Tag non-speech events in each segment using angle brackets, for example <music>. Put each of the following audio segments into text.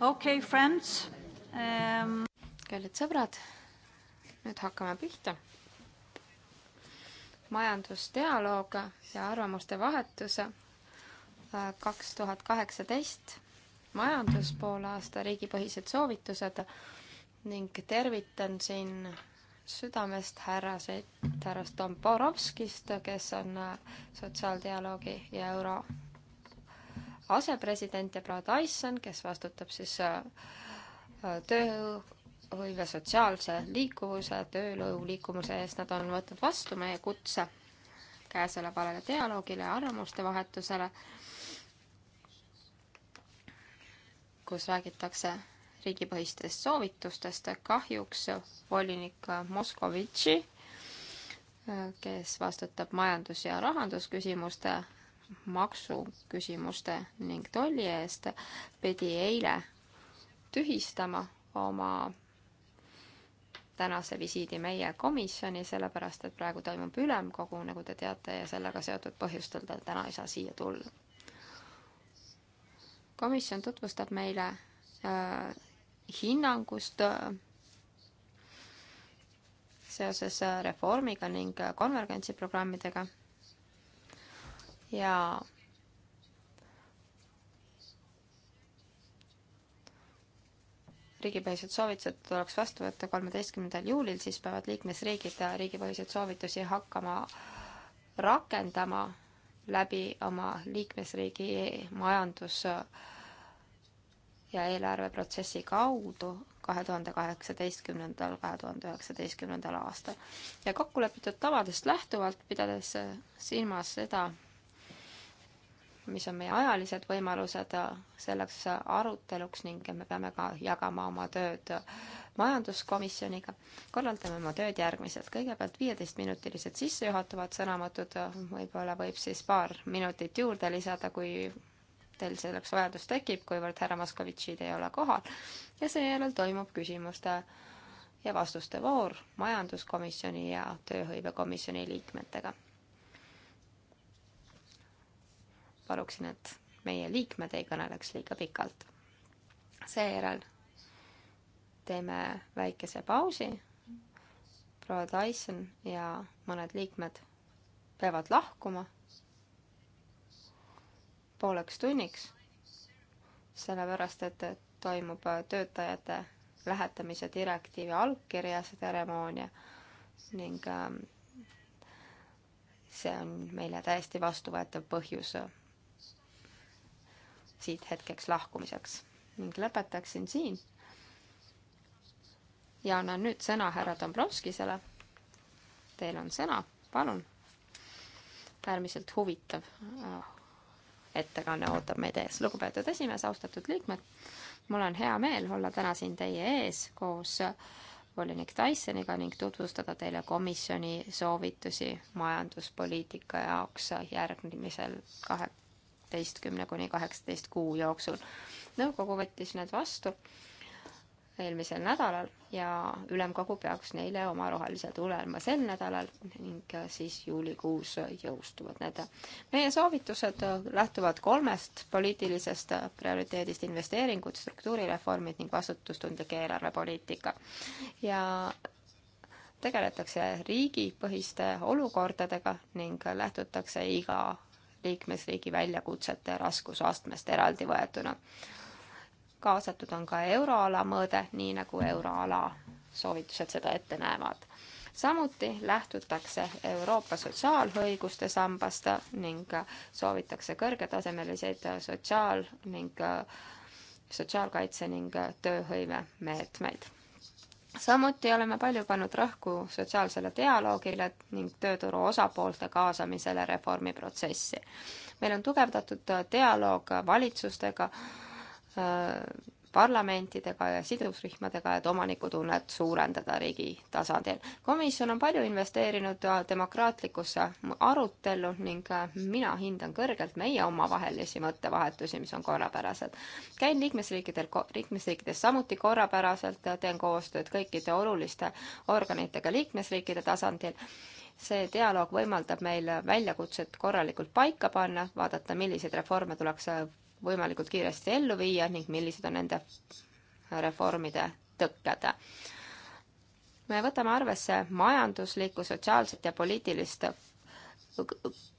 okei okay,, friends um.... kallid sõbrad, nüüd hakkame pihta. majandusdialoog ja arvamuste vahetus äh, kaks tuhat kaheksateist, majanduspoolaasta riigipõhised soovitused ning tervitan siin südamest härraseid, härra Stomborovskist, kes on äh, sotsiaaldialoogi ja euro asepresident ja proua Tyson, kes vastutab siis äh, äh, tööhõive sotsiaalse liikuvuse, tööjõu liikumise eest, nad on võtnud vastu meie kutse käesolevale dialoogile ja arvamuste vahetusele, kus räägitakse riigipõhistest soovitustest, kahjuks volinik Moskovitši, äh, kes vastutab majandus- ja rahandusküsimuste maksuküsimuste ning tolli eest, pidi eile tühistama oma tänase visiidi meie komisjoni, sellepärast et praegu toimub ülemkogu, nagu te teate, ja sellega seotud põhjustel ta täna ei saa siia tulla. komisjon tutvustab meile äh, hinnangust äh, seoses äh, reformiga ning äh, konvergentsiprogrammidega ja riigipõhised soovitused tuleks vastu võtta kolmeteistkümnendal juulil, siis peavad liikmesriigid riigipõhiseid soovitusi hakkama rakendama läbi oma liikmesriigi majandus- ja eelarveprotsessi kaudu kahe tuhande kaheksateistkümnendal, kahe tuhande üheksateistkümnendal aastal. ja kokkulepitud tavadest lähtuvalt, pidades silmas seda, mis on meie ajalised võimalused äh, selleks äh, aruteluks ning me peame ka jagama oma tööd äh, majanduskomisjoniga. korraldame oma tööd järgmiselt. kõigepealt viieteistminutilised sissejuhatavad sõnavõtud, võib-olla võib siis paar minutit juurde lisada, kui teil selleks vajadus tekib, kuivõrd härra Moskovitšid ei ole kohal. ja seejärel toimub küsimuste ja vastuste voor majanduskomisjoni ja tööhõivekomisjoni liikmetega paluksin, et meie liikmed ei kõneleks liiga pikalt. seejärel teeme väikese pausi. proua Tyson ja mõned liikmed peavad lahkuma pooleks tunniks, sellepärast et toimub töötajate lähetamise direktiivi allkirja tseremoonia ning ähm, see on meile täiesti vastuvõetav põhjus siit hetkeks lahkumiseks ning lõpetaksin siin. ja annan nüüd sõna härra Dombrovskisele. Teil on sõna, palun. äärmiselt huvitav äh, ettekanne ootab meid ees. lugupeetud esimees, austatud liikmed, mul on hea meel olla täna siin teie ees koos äh, volinik Tysoniga ning tutvustada teile komisjoni soovitusi majanduspoliitika jaoks järgmisel kahe kaheteistkümne kuni kaheksateist kuu jooksul. nõukogu võttis need vastu eelmisel nädalal ja ülemkogu peaks neile oma rohelise tule andma sel nädalal ning siis juulikuus jõustuvad need. meie soovitused lähtuvad kolmest poliitilisest prioriteedist investeeringud, struktuurireformid ning vastutustundlik eelarvepoliitika. ja tegeletakse riigipõhiste olukordadega ning lähtutakse iga liikmesriigi väljakutsete raskusastmest eraldi võetuna. kaasatud on ka euroala mõõde, nii nagu euroala soovitused seda ette näevad. samuti lähtutakse Euroopa sotsiaalõiguste sambast ning soovitakse kõrgetasemeliseid sotsiaal- ning sotsiaalkaitse ning tööhõive meetmeid samuti oleme palju pannud rõhku sotsiaalsele dialoogile ning tööturu osapoolte kaasamisele reformiprotsessi. meil on tugevdatud dialoog valitsustega, parlamentidega ja sidusrühmadega, et omanikutunnet suurendada riigi tasandil. komisjon on palju investeerinud demokraatlikusse arutellu ning mina hindan kõrgelt meie omavahelisi mõttevahetusi, mis on korrapärased. käin liikmesriikidel, liikmesriikides samuti korrapäraselt, teen koostööd kõikide oluliste organitega liikmesriikide tasandil see dialoog võimaldab meil väljakutset korralikult paika panna, vaadata, milliseid reforme tuleks võimalikult kiiresti ellu viia ning millised on nende reformide tõkked. me võtame arvesse majanduslikku, sotsiaalset ja poliitilist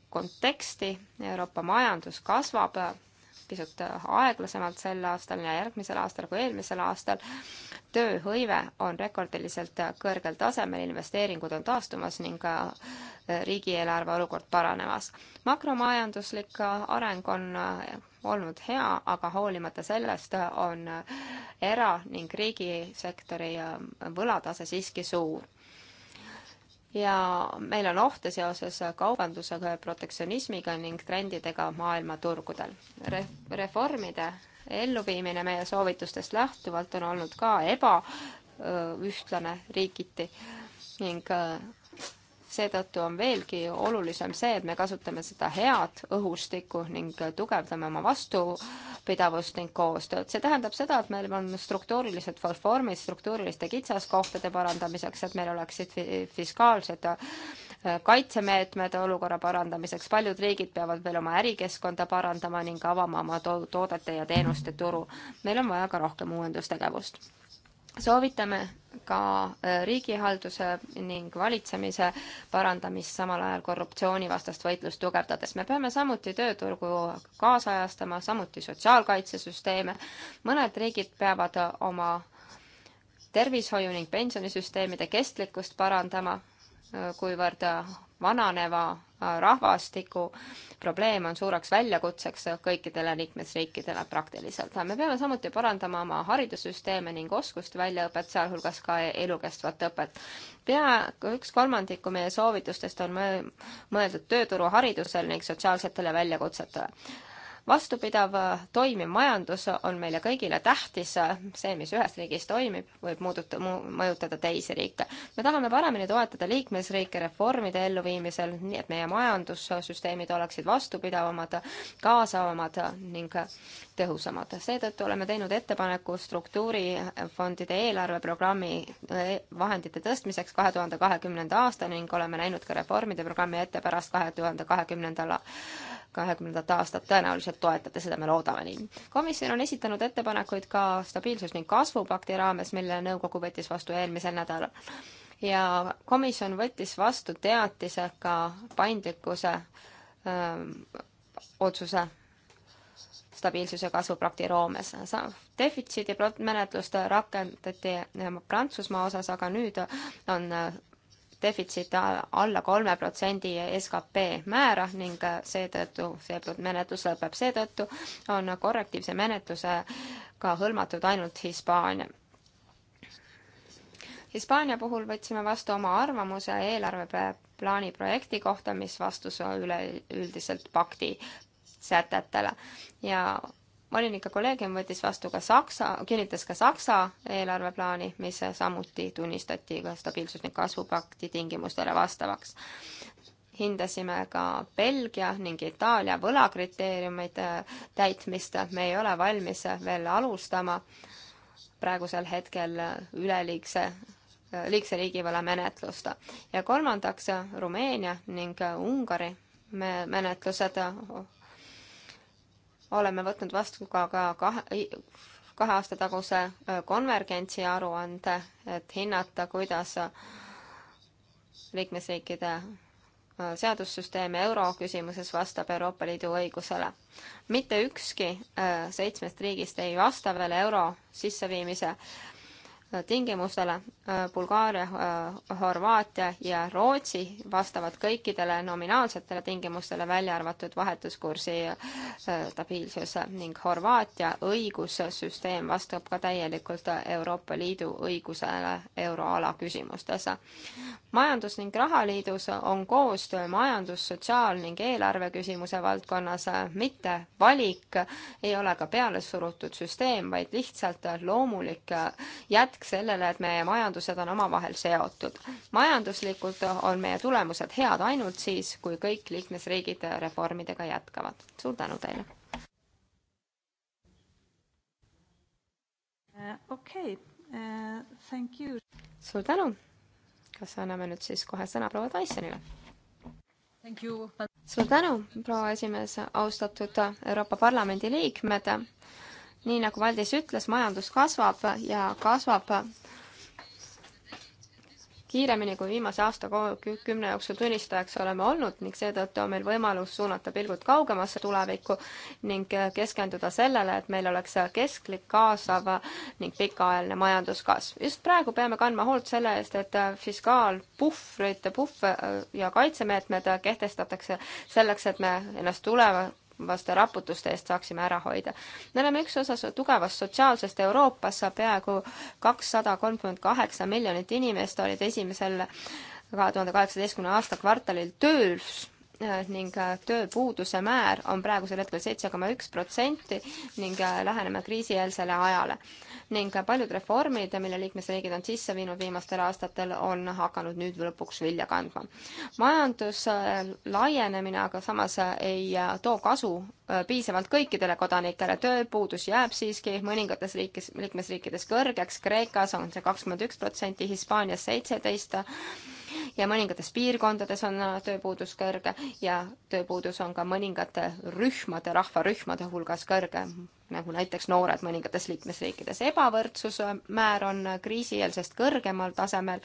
konteksti, Euroopa majandus kasvab pisut aeglasemalt sel aastal ja järgmisel aastal kui eelmisel aastal. tööhõive on rekordiliselt kõrgel tasemel, investeeringud on taastumas ning äh, riigieelarve olukord paranemas. makromajanduslik äh, areng on äh, olnud hea, aga hoolimata sellest on era- ning riigisektori võlatase siiski suur ja meil on ohte seoses kaubandusega ja protektsionismiga ning trendidega maailmaturgudel Re. Reformide elluviimine meie soovitustest lähtuvalt on olnud ka ebaühtlane riigiti ning seetõttu on veelgi olulisem see, et me kasutame seda head õhustikku ning tugevdame oma vastupidavust ning koostööd. see tähendab seda, et meil on struktuurilised reformid struktuuriliste kitsaskohtade parandamiseks, et meil oleksid fiskaalsed äh, kaitsemeetmed olukorra parandamiseks, paljud riigid peavad veel oma ärikeskkonda parandama ning avama oma to toodete ja teenuste turu. meil on vaja ka rohkem uuendustegevust soovitame ka äh, riigihalduse ning valitsemise parandamist, samal ajal korruptsioonivastast võitlust tugevdades. me peame samuti tööturgu kaasajastama, samuti sotsiaalkaitsesüsteeme. mõned riigid peavad oma tervishoiu ning pensionisüsteemide kestlikkust parandama, äh, kuivõrd vananeva äh, rahvastiku probleem on suureks väljakutseks kõikidele liikmesriikidele praktiliselt. me peame samuti parandama oma haridussüsteeme ning oskuste väljaõpet, sealhulgas ka elukestvat õpet. peaaegu üks kolmandiku meie soovitustest on mõeldud tööturuharidusele ning sotsiaalsetele väljakutsetele vastupidav äh, toimiv majandus on meile kõigile tähtis, see, mis ühes riigis toimib, võib muuduta mu,, mõjutada teisi riike. me tahame paremini toetada liikmesriike reformide elluviimisel, nii et meie majandussüsteemid oleksid vastupidavamad, kaasavamad ning tõhusamad. seetõttu oleme teinud ettepaneku struktuurifondide eelarveprogrammi äh, vahendite tõstmiseks kahe tuhande kahekümnenda aasta ning oleme näinud ka reformide programmi ette pärast kahe tuhande kahekümnendal kahekümnendat aastat, tõenäoliselt toetate seda, me loodame nii. komisjon on esitanud ettepanekuid ka stabiilsus- ning kasvupakti raames, mille nõukogu võttis vastu eelmisel nädalal. ja komisjon võttis vastu teatise ka paindlikkuse öö, ähm, otsuse stabiilsuse kasvupakti raames. defitsiidi menetluste rakendati Prantsusmaa osas, aga nüüd on äh, defitsiit alla kolme protsendi skp määra ning äh, seetõttu see menetlus lõpeb. seetõttu on korrektiivse menetlusega hõlmatud ainult Hispaania. Hispaania puhul võtsime vastu oma arvamuse eelarveplaani projekti kohta, mis vastus üleüldiselt pakti sätetele ja volinike kolleegium võttis vastu ka Saksa, kinnitas ka Saksa eelarveplaani, mis samuti tunnistati ka stabiilsus- ning kasvupakti tingimustele vastavaks. hindasime ka Belgia ning Itaalia võlakriteeriumeid täitmist, me ei ole valmis veel alustama praegusel hetkel üleliigse liigse riigivõla menetlust. ja kolmandaks Rumeenia ning Ungari menetlused oleme võtnud vastu ka, ka kahe, kahe aasta taguse konvergentsi aruande, et hinnata, kuidas liikmesriikide seadussüsteem euro küsimuses vastab Euroopa Liidu õigusele. mitte ükski seitsmest riigist ei vasta veel euro sisseviimise tingimustele äh, Bulgaaria, äh, Horvaatia ja Rootsi vastavad kõikidele nominaalsetele tingimustele, välja arvatud vahetuskursi äh, stabiilsus ning Horvaatia õigussüsteem vastab ka täielikult Euroopa Liidu õigusele euroala küsimustes. majandus- ning rahaliidus on koostöö majandus, sotsiaal- ning eelarveküsimuse valdkonnas mitte valik, ei ole ka pealesurutud süsteem, vaid lihtsalt loomulik jätk märk sellele, et meie majandused on omavahel seotud. majanduslikult on meie tulemused head ainult siis, kui kõik liikmesriigid reformidega jätkavad. suur tänu teile! Äh, okei okay. uh,, äh, thank you! suur tänu! kas anname nüüd siis kohe sõna proua Tysonile? suur tänu, proua esimees, austatud Euroopa Parlamendi liikmed! nii nagu Valdis ütles, majandus kasvab ja kasvab kiiremini kui viimase aasta kümne jooksul tunnistajaks oleme olnud ning seetõttu on meil võimalus suunata pilgud kaugemasse tulevikku ning äh, keskenduda sellele, et meil oleks kesklik, kaasav ning pikaajaline majanduskasv. just praegu peame kandma hoolt selle eest, et äh, fiskaalpuhvrid, puhv äh, ja kaitsemeetmed kehtestatakse selleks, et me ennast tuleva vaste raputuste eest saaksime ära hoida. me oleme üks osa tugevast sotsiaalsest Euroopas, peaaegu kakssada kolmkümmend kaheksa miljonit inimest olid esimesel kahe tuhande kaheksateistkümne aasta kvartalil töös Äh, ning äh, tööpuuduse määr on praegusel hetkel seitse koma üks protsenti ning äh, läheneme kriisieelsele ajale. ning paljud reformid, mille liikmesriigid on sisse viinud viimastel aastatel, on hakanud nüüd lõpuks vilja kandma. majanduslaienemine aga samas ei too kasu piisavalt kõikidele kodanikele, tööpuudus jääb siiski mõningates riikides, liikmesriikides kõrgeks, Kreekas on see kakskümmend üks protsenti, Hispaanias seitseteist, ja mõningates piirkondades on äh, tööpuudus kõrge ja tööpuudus on ka mõningate rühmade, rahvarühmade hulgas kõrge nagu näiteks noored mõningates liikmesriikides. ebavõrdsuse äh, määr on äh, kriisieelsest kõrgemal tasemel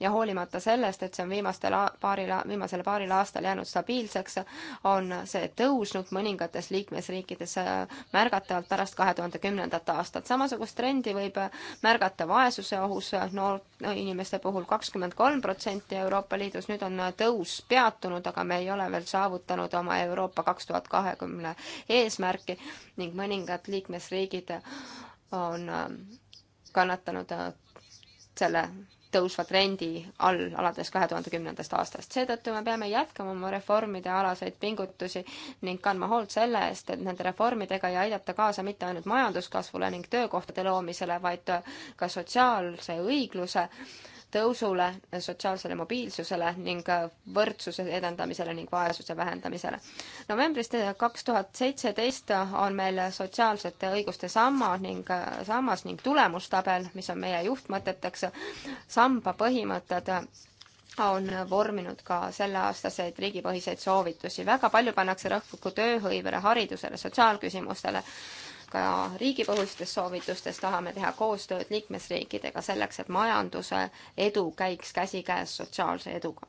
ja hoolimata sellest, et see on viimastel paaril, viimasel paaril aastal jäänud stabiilseks, on see tõusnud mõningates liikmesriikides äh, märgatavalt pärast kahe tuhande kümnendat aastat. samasugust trendi võib märgata vaesuse ohus noor-, inimeste puhul kakskümmend kolm protsenti Euroopa Liidus, nüüd on tõus peatunud, aga me ei ole veel saavutanud oma Euroopa kaks tuhat kahekümne eesmärki ning mõningad et liikmesriigid on ähm, kannatanud äh, selle tõusva trendi all alates kahe tuhande kümnendast aastast. seetõttu me peame jätkama oma reformide alaseid pingutusi ning kandma hoolt selle eest, et nende reformidega ei aidata kaasa mitte ainult majanduskasvule ning töökohtade loomisele, vaid ka sotsiaalse õigluse äh, tõusule, sotsiaalsele mobiilsusele ning võrdsuse edendamisele ning vaesuse vähendamisele. novembrist kaks tuhat seitseteist on meil sotsiaalsete õiguste samma ning sammas ning tulemustabel, mis on meie juhtmõteteks, samba põhimõtted on vorminud ka selleaastaseid riigipõhiseid soovitusi. väga palju pannakse rõhku tööhõivele, haridusele, sotsiaalküsimustele ka riigipõhistest soovitustest tahame teha koostööd liikmesriikidega selleks, et majanduse edu käiks käsikäes sotsiaalse eduga.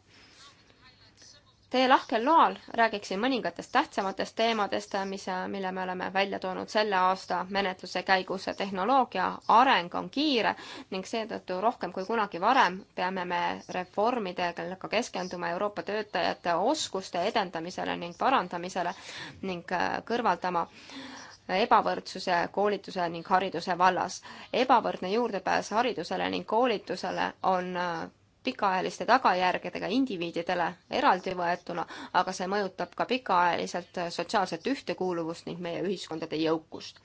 Teie lahkel loal räägiksin mõningatest tähtsamatest teemadest, mis, mille me oleme välja toonud selle aasta menetluse käigus. tehnoloogia areng on kiire ning seetõttu rohkem kui kunagi varem peame me reformidega keskenduma Euroopa töötajate oskuste edendamisele ning parandamisele ning kõrvaldama äh, ebavõrdsuse, koolituse ning hariduse vallas. ebavõrdne juurdepääs haridusele ning koolitusele on äh, pikaajaliste tagajärgedega indiviididele eraldi võetuna, aga see mõjutab ka pikaajaliselt äh, sotsiaalset ühtekuuluvust ning meie ühiskondade jõukust.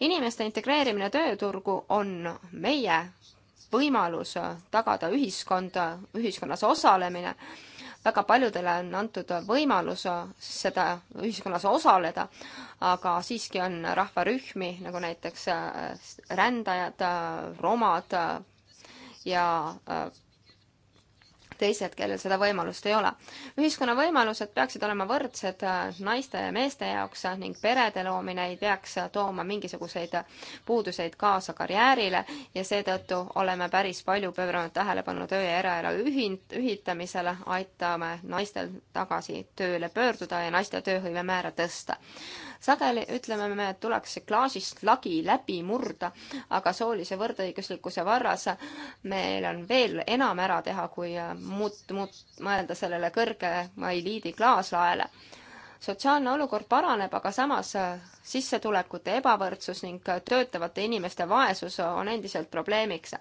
inimeste integreerimine tööturgu on meie võimalus äh, tagada ühiskonda, ühiskonnas osalemine väga paljudele on antud võimalus seda ühiskonnas osaleda, aga siiski on rahvarühmi, nagu näiteks äh, rändajad, äh, romad äh, ja teised, kellel seda võimalust ei ole. ühiskonna võimalused peaksid olema võrdsed äh, naiste ja meeste jaoks äh, ning perede loomine ei peaks äh, tooma mingisuguseid puuduseid kaasa karjäärile ja seetõttu oleme päris palju pööranud tähelepanu töö ja eraelu ühind-, ühitamisele, aitame naistel tagasi tööle pöörduda ja naiste tööhõive määra tõsta sageli ütleme me, et tuleks see klaasist lagi läbi murda, aga soolise võrdõiguslikkuse varras meil on veel enam ära teha, kui muut-, muut-, mõelda sellele kõrgema eliidi klaaslaele sotsiaalne olukord paraneb, aga samas sissetulekute ebavõrdsus ning töötavate inimeste vaesus on endiselt probleemiks.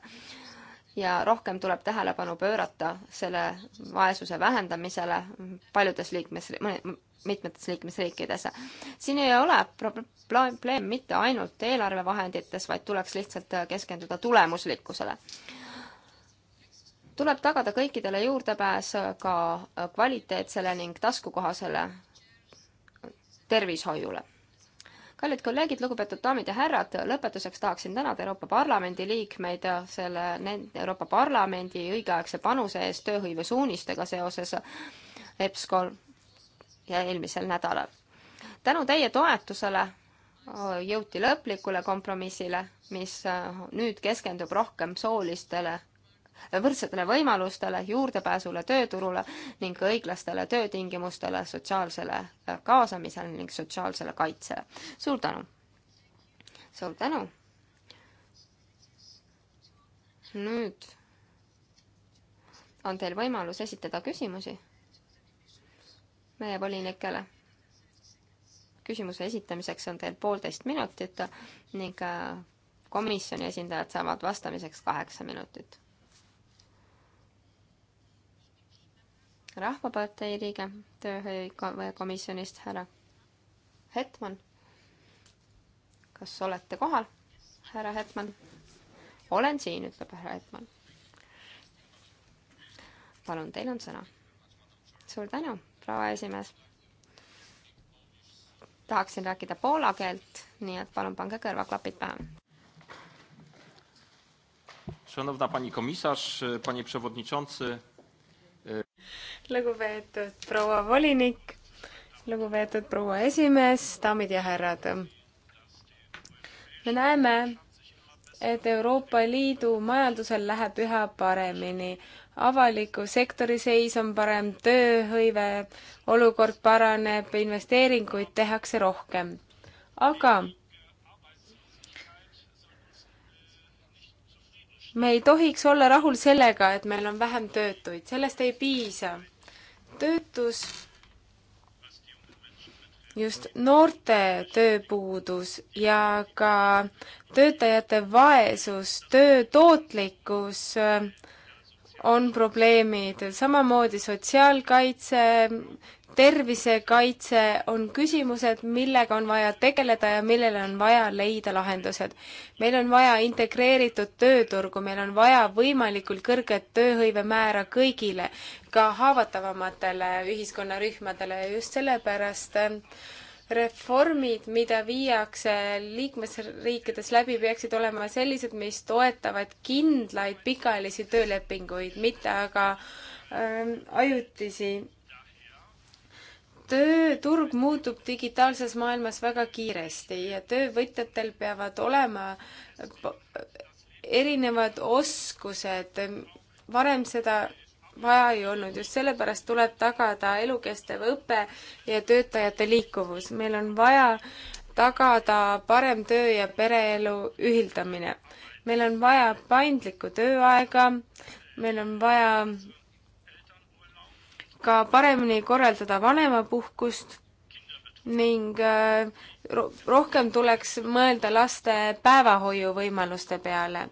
ja rohkem tuleb tähelepanu pöörata selle vaesuse vähendamisele paljudes liikmes, mitmetes liikmesriikides. siin ei ole probleem mitte ainult eelarvevahendites, vaid tuleks lihtsalt äh, keskenduda tulemuslikkusele tuleb tagada kõikidele juurdepääs äh, ka äh, kvaliteetsele ning taskukohasele tervishoiule. kallid kolleegid, lugupeetud daamid ja härrad, lõpetuseks tahaksin tänada Euroopa Parlamendi liikmeid selle Euroopa Parlamendi õigeaegse panuse eest tööhõivesuunistega seoses EBSCO ja eelmisel nädalal. tänu teie toetusele jõuti lõplikule kompromissile, mis nüüd keskendub rohkem soolistele võrdsetele võimalustele, juurdepääsule tööturule ning õiglastele töötingimustele, sotsiaalsele kaasamisele ning sotsiaalsele kaitsele. suur tänu! suur tänu! nüüd on teil võimalus esitada küsimusi meie volinikele. küsimuse esitamiseks on teil poolteist minutit ning äh, komisjoni esindajad saavad vastamiseks kaheksa minutit. rahvapartei liige tööhõivekomisjonist härra Hetman. kas olete kohal, härra Hetman? olen siin, ütleb härra Hetman. palun, teil on sõna. suur tänu, proua esimees. tahaksin rääkida poola keelt, nii et palun pange kõrvaklapid pähe. Szanowna pani komisarz, panie przewodniczący. Lugupeetud proua volinik, lugupeetud proua esimees, daamid ja härrad. me näeme, et Euroopa Liidu majandusel läheb üha paremini. avaliku sektori seis on parem, tööhõive olukord paraneb, investeeringuid tehakse rohkem. aga me ei tohiks olla rahul sellega, et meil on vähem töötuid, sellest ei piisa. töötus just noorte tööpuudus ja ka töötajate vaesus, töö tootlikkus äh, on probleemid, samamoodi sotsiaalkaitse, tervisekaitse on küsimused, millega on vaja tegeleda ja millele on vaja leida lahendused. meil on vaja integreeritud tööturgu, meil on vaja võimalikult kõrget tööhõivemäära kõigile, ka haavatavamatele ühiskonnarühmadele ja just sellepärast reformid, mida viiakse liikmesriikides läbi, peaksid olema sellised, mis toetavad kindlaid pikaajalisi töölepinguid, mitte aga ähm, ajutisi. tööturg muutub digitaalses maailmas väga kiiresti ja töövõtjatel peavad olema erinevad oskused, varem seda vaja ei olnud. just sellepärast tuleb tagada elukestev õpe ja töötajate liikuvus. meil on vaja tagada parem töö ja pereelu ühildamine. meil on vaja paindlikku tööaega, meil on vaja ka paremini korraldada vanemapuhkust ning äh, rohkem tuleks mõelda laste päevahoiu võimaluste peale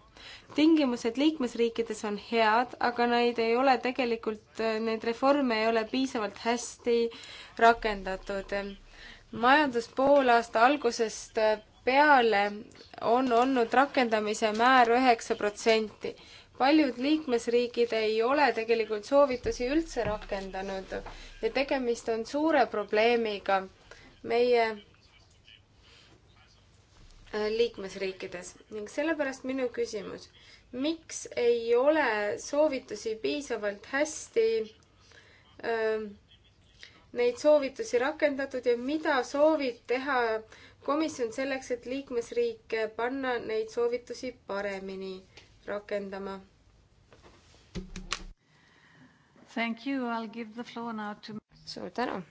tingimused liikmesriikides on head, aga neid ei ole tegelikult, neid reforme ei ole piisavalt hästi rakendatud. majandus poolaasta algusest peale on olnud rakendamise määr üheksa protsenti. paljud liikmesriigid ei ole tegelikult soovitusi üldse rakendanud ja tegemist on suure probleemiga. meie Äh, liikmesriikides ning sellepärast minu küsimus, miks ei ole soovitusi piisavalt hästi öö, ähm, neid soovitusi rakendatud ja mida soovib teha komisjon selleks, et liikmesriike panna neid soovitusi paremini rakendama? Thank you, I will give the floor now to. suur tänu,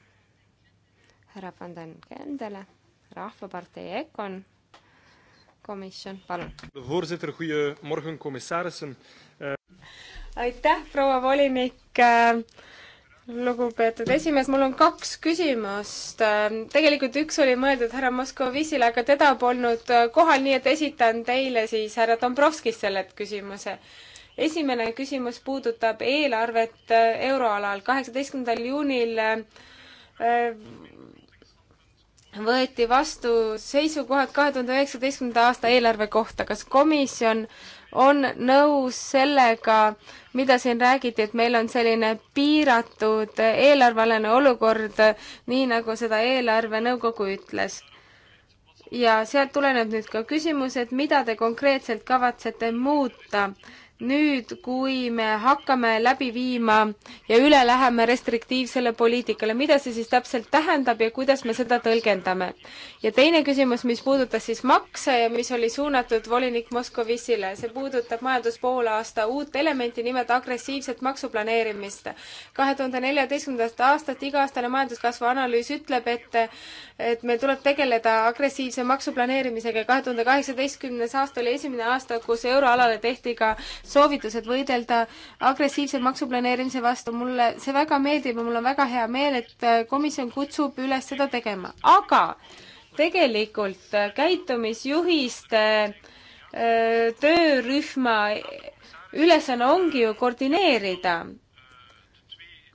härra Van den Kendele, Rahvapartei Econ komisjon, palun. Eh, aitäh, proua volinik eh, lugupeetud esimees, mul on kaks küsimust. Eh, tegelikult üks oli mõeldud härra Moskovisile, aga teda polnud kohal, nii et esitan teile siis härra Dombrovskis selle küsimuse. esimene küsimus puudutab eelarvet euroalal. kaheksateistkümnendal juunil võeti vastu seisukohad kahe tuhande üheksateistkümnenda aasta eelarve kohta. kas komisjon on nõus sellega, mida siin räägiti, et meil on selline piiratud eelarvealane olukord, nii nagu seda eelarvenõukogu ütles? ja sealt tuleneb nüüd ka küsimus, et mida te konkreetselt kavatsete muuta nüüd, kui me hakkame läbi viima ja üle läheme restriktiivsele poliitikale, mida see siis täpselt tähendab ja kuidas me seda tõlgendame? ja teine küsimus, mis puudutas siis makse ja mis oli suunatud volinik Moskovissile, see puudutab majanduspoolaasta uut elementi, nimelt agressiivset maksuplaneerimist. kahe tuhande neljateistkümnendast aastast iga-aastane majanduskasvu analüüs ütleb, et et meil tuleb tegeleda agressiivse maksuplaneerimisega ja kahe tuhande kaheksateistkümnes aasta oli esimene aasta, kus euroalale tehti ka soovitused võidelda agressiivse maksuplaneerimise vastu. mulle see väga meeldib ja mul on väga hea meel, et äh, komisjon kutsub üles seda tegema, aga tegelikult äh, käitumisjuhiste äh, töörühma ülesanne ongi ju koordineerida.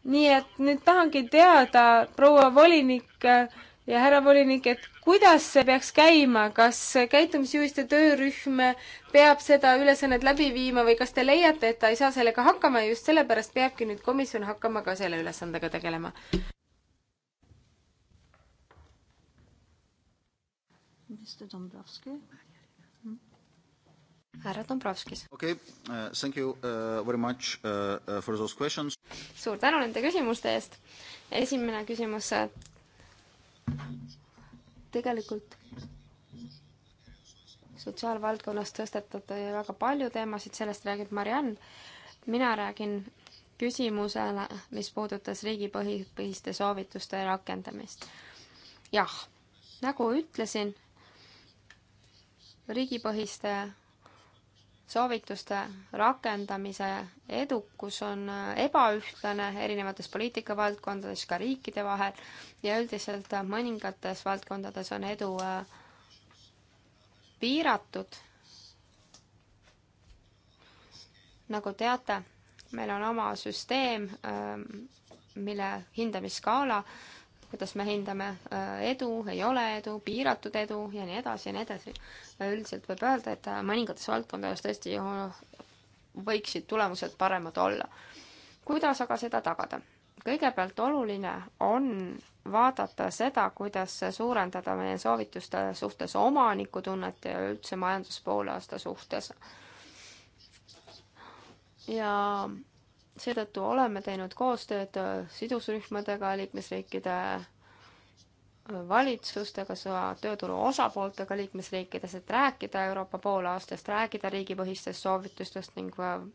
nii et nüüd tahangi teada, proua volinik ja härra volinik, et kuidas see peaks käima, kas käitumisjuhiste töörühm peab seda ülesannet läbi viima või kas te leiate, et ta ei saa sellega hakkama ja just sellepärast peabki nüüd komisjon hakkama ka selle ülesandega tegelema? Hmm? härra Dombrovskis. okei okay,, uh, thank you uh, very much uh, uh, for those questions. suur tänu nende küsimuste eest. esimene küsimus tegelikult sotsiaalvaldkonnas tõstetate väga palju teemasid, sellest räägib Mariann. mina räägin küsimusele, mis puudutas riigipõhi, põhiste soovituste rakendamist. jah, nagu ütlesin, riigipõhiste soovituste rakendamise edukus on ebaühtlane erinevates poliitikavaldkondades, ka riikide vahel ja üldiselt mõningates valdkondades on edu äh, piiratud. nagu teate, meil on oma süsteem, äh, mille hindamisskaala kuidas me hindame äh, edu, ei ole edu, piiratud edu ja nii edasi ja nii edasi. üldiselt võib öelda, et äh, mõningates valdkondades tõesti võiksid tulemused paremad olla. kuidas aga seda tagada? kõigepealt oluline on vaadata seda, kuidas suurendada meie soovituste suhtes omanikutunnet ja üldse majanduspoolaasta suhtes. ja seetõttu oleme teinud koostööd äh, sidusrühmadega, liikmesriikide äh, valitsustega, tööturu osapooltega liikmesriikides, et rääkida Euroopa poolaastast, rääkida riigipõhistest soovitustest ning äh,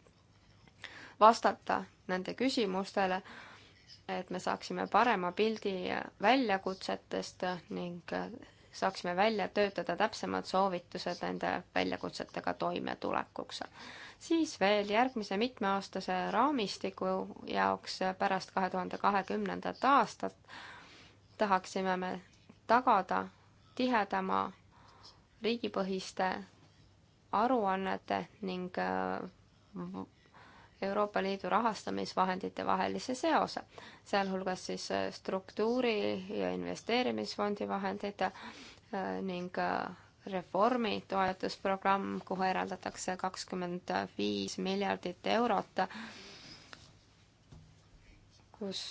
vastata nende küsimustele, et me saaksime parema pildi väljakutsetest ning saaksime välja töötada täpsemad soovitused nende väljakutsetega toimetulekuks. siis veel järgmise mitmeaastase raamistiku jaoks pärast kahe tuhande kahekümnendat aastat tahaksime me tagada tihedama riigipõhiste aruannete ning äh, Euroopa Liidu rahastamisvahendite vahelise seose, sealhulgas siis äh, struktuuri- ja investeerimisfondi vahendid äh, ning äh, reformi toetusprogramm, kuhu eraldatakse kakskümmend viis miljardit eurot, kus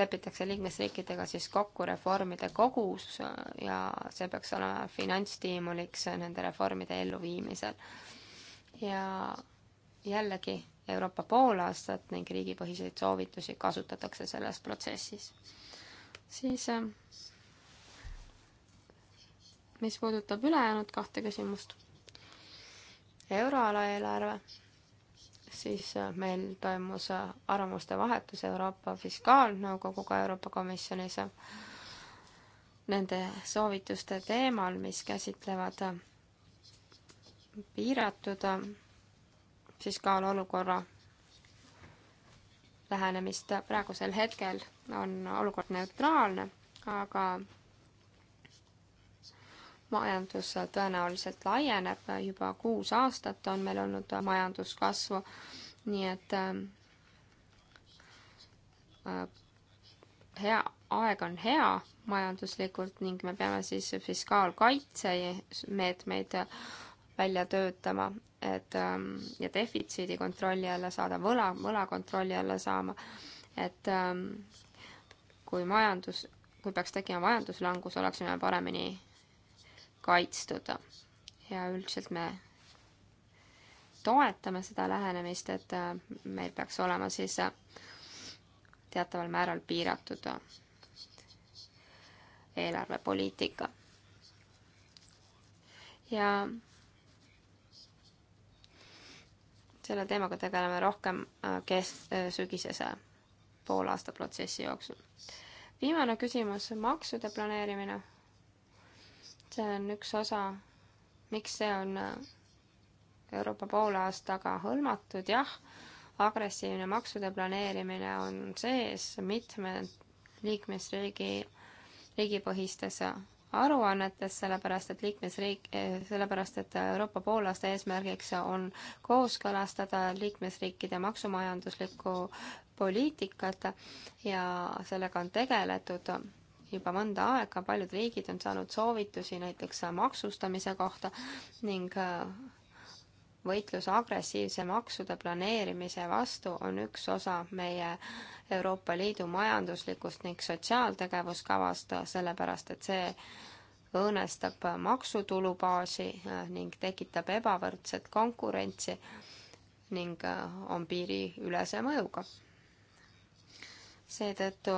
lepitakse liikmesriikidega siis kokku reformide kogus ja see peaks olema finantsstiimuliks nende reformide elluviimisel ja jällegi Euroopa poolaastat ning riigipõhiseid soovitusi kasutatakse selles protsessis. siis ähm, mis puudutab ülejäänud kahte küsimust, euroala eelarve, siis äh, meil toimus äh, arvamuste vahetus Euroopa Fiskaalnõukoguga Euroopa Komisjonis äh, nende soovituste teemal, mis käsitlevad piiratud, siis kaalu olukorra lähenemist. praegusel hetkel on olukord neutraalne, aga majandus tõenäoliselt laieneb, juba kuus aastat on meil olnud majanduskasvu, nii et äh, hea, aeg on hea majanduslikult ning me peame siis fiskaalkaitsemeetmeid äh, välja töötama, et ähm, ja defitsiidi kontrolli alla saada, võla, võla kontrolli alla saama, et ähm, kui majandus, kui peaks tekkima majanduslangus, oleksime paremini kaitstud. ja üldiselt me toetame seda lähenemist, et äh, meil peaks olema siis äh, teataval määral piiratud äh, eelarvepoliitika. ja selle teemaga tegeleme rohkem äh, kes-, äh, sügisese äh, poolaasta protsessi jooksul. viimane küsimus, maksude planeerimine. see on üks osa, miks see on Euroopa poolaastaga hõlmatud, jah, agressiivne maksude planeerimine on sees mitme liikmesriigi, riigipõhistes aruannetes, sellepärast et liikmesriik, eh, sellepärast et Euroopa poolaasta eesmärgiks on kooskõlastada liikmesriikide maksumajanduslikku poliitikat ja sellega on tegeletud juba mõnda aega, paljud riigid on saanud soovitusi näiteks maksustamise kohta ning võitlus agressiivse maksude planeerimise vastu on üks osa meie Euroopa Liidu majanduslikust ning sotsiaaltegevuskavast, sellepärast et see õõnestab maksutulubaasi äh, ning tekitab ebavõrdset konkurentsi ning äh, on piiriülese mõjuga. seetõttu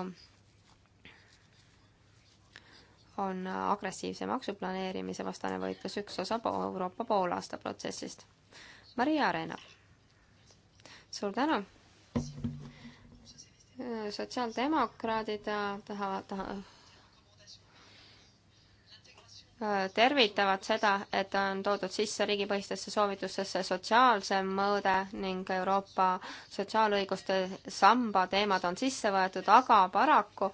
on agressiivse maksuplaneerimise vastane võitlus üks osa Euroopa poolaasta protsessist Maria Arena. suur tänu. sotsiaaldemokraadid taha, taha, tervitavad seda, et on toodud sisse riigipõhistesse soovitustesse sotsiaalse mõõde ning Euroopa sotsiaalõiguste samba teemad on sisse võetud, aga paraku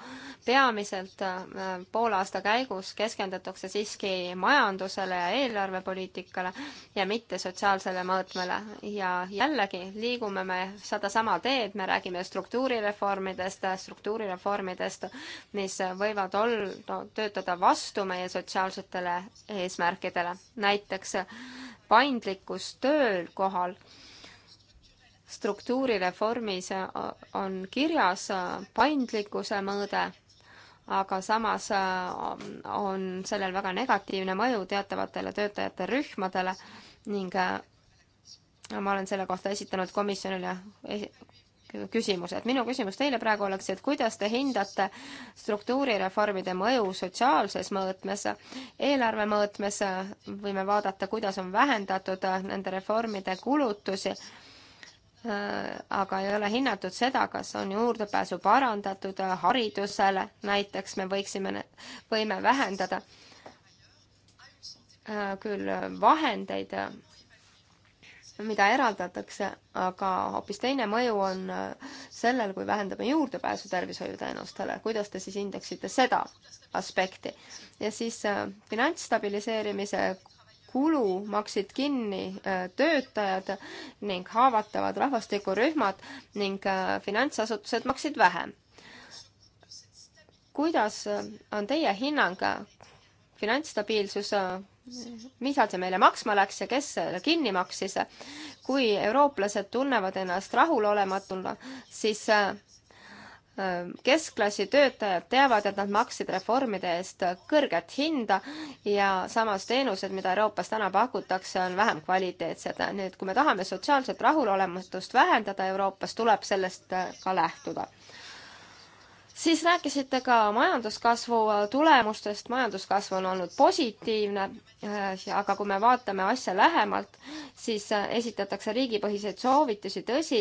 peamiselt äh, poole aasta käigus keskendutakse siiski majandusele ja eelarvepoliitikale ja mitte sotsiaalsele mõõtmele. ja jällegi liigume me sedasama teed, me räägime struktuurireformidest, struktuurireformidest, mis võivad olla no,, töötada vastu meie sotsiaalset erinevatele eesmärkidele, näiteks paindlikkus töökohal struktuurireformis on kirjas paindlikkuse mõõde, aga samas on sellel väga negatiivne mõju teatavatele töötajate rühmadele ning ma olen selle kohta esitanud komisjonile küsimused. minu küsimus teile praegu oleks, et kuidas te hindate struktuurireformide mõju sotsiaalses mõõtmes, eelarve mõõtmes, võime vaadata, kuidas on vähendatud nende reformide kulutusi, aga ei ole hinnatud seda, kas on juurdepääsu parandatud haridusele, näiteks me võiksime, võime vähendada küll vahendeid mida eraldatakse, aga hoopis teine mõju on äh, sellel, kui vähendame juurdepääsu tervishoiuteenustele. kuidas te siis hindaksite seda aspekti? ja siis äh, finantsstabiliseerimise kulu maksid kinni äh, töötajad ning haavatavad rahvastikurühmad ning finantsasutused maksid vähem. kuidas on teie hinnang finantsstabiilsuse millal see meile maksma läks ja kes selle kinni maksis. kui eurooplased tunnevad ennast rahulolematuna, siis äh, keskklassi töötajad teavad, et nad maksid reformide eest kõrget hinda ja samas teenused, mida Euroopas täna pakutakse, on vähem kvaliteetsed. nüüd, kui me tahame sotsiaalset rahulolematust vähendada Euroopas, tuleb sellest äh, ka lähtuda siis rääkisite ka majanduskasvu tulemustest, majanduskasv on olnud positiivne, äh, aga kui me vaatame asja lähemalt, siis äh, esitatakse riigipõhiseid soovitusi, tõsi,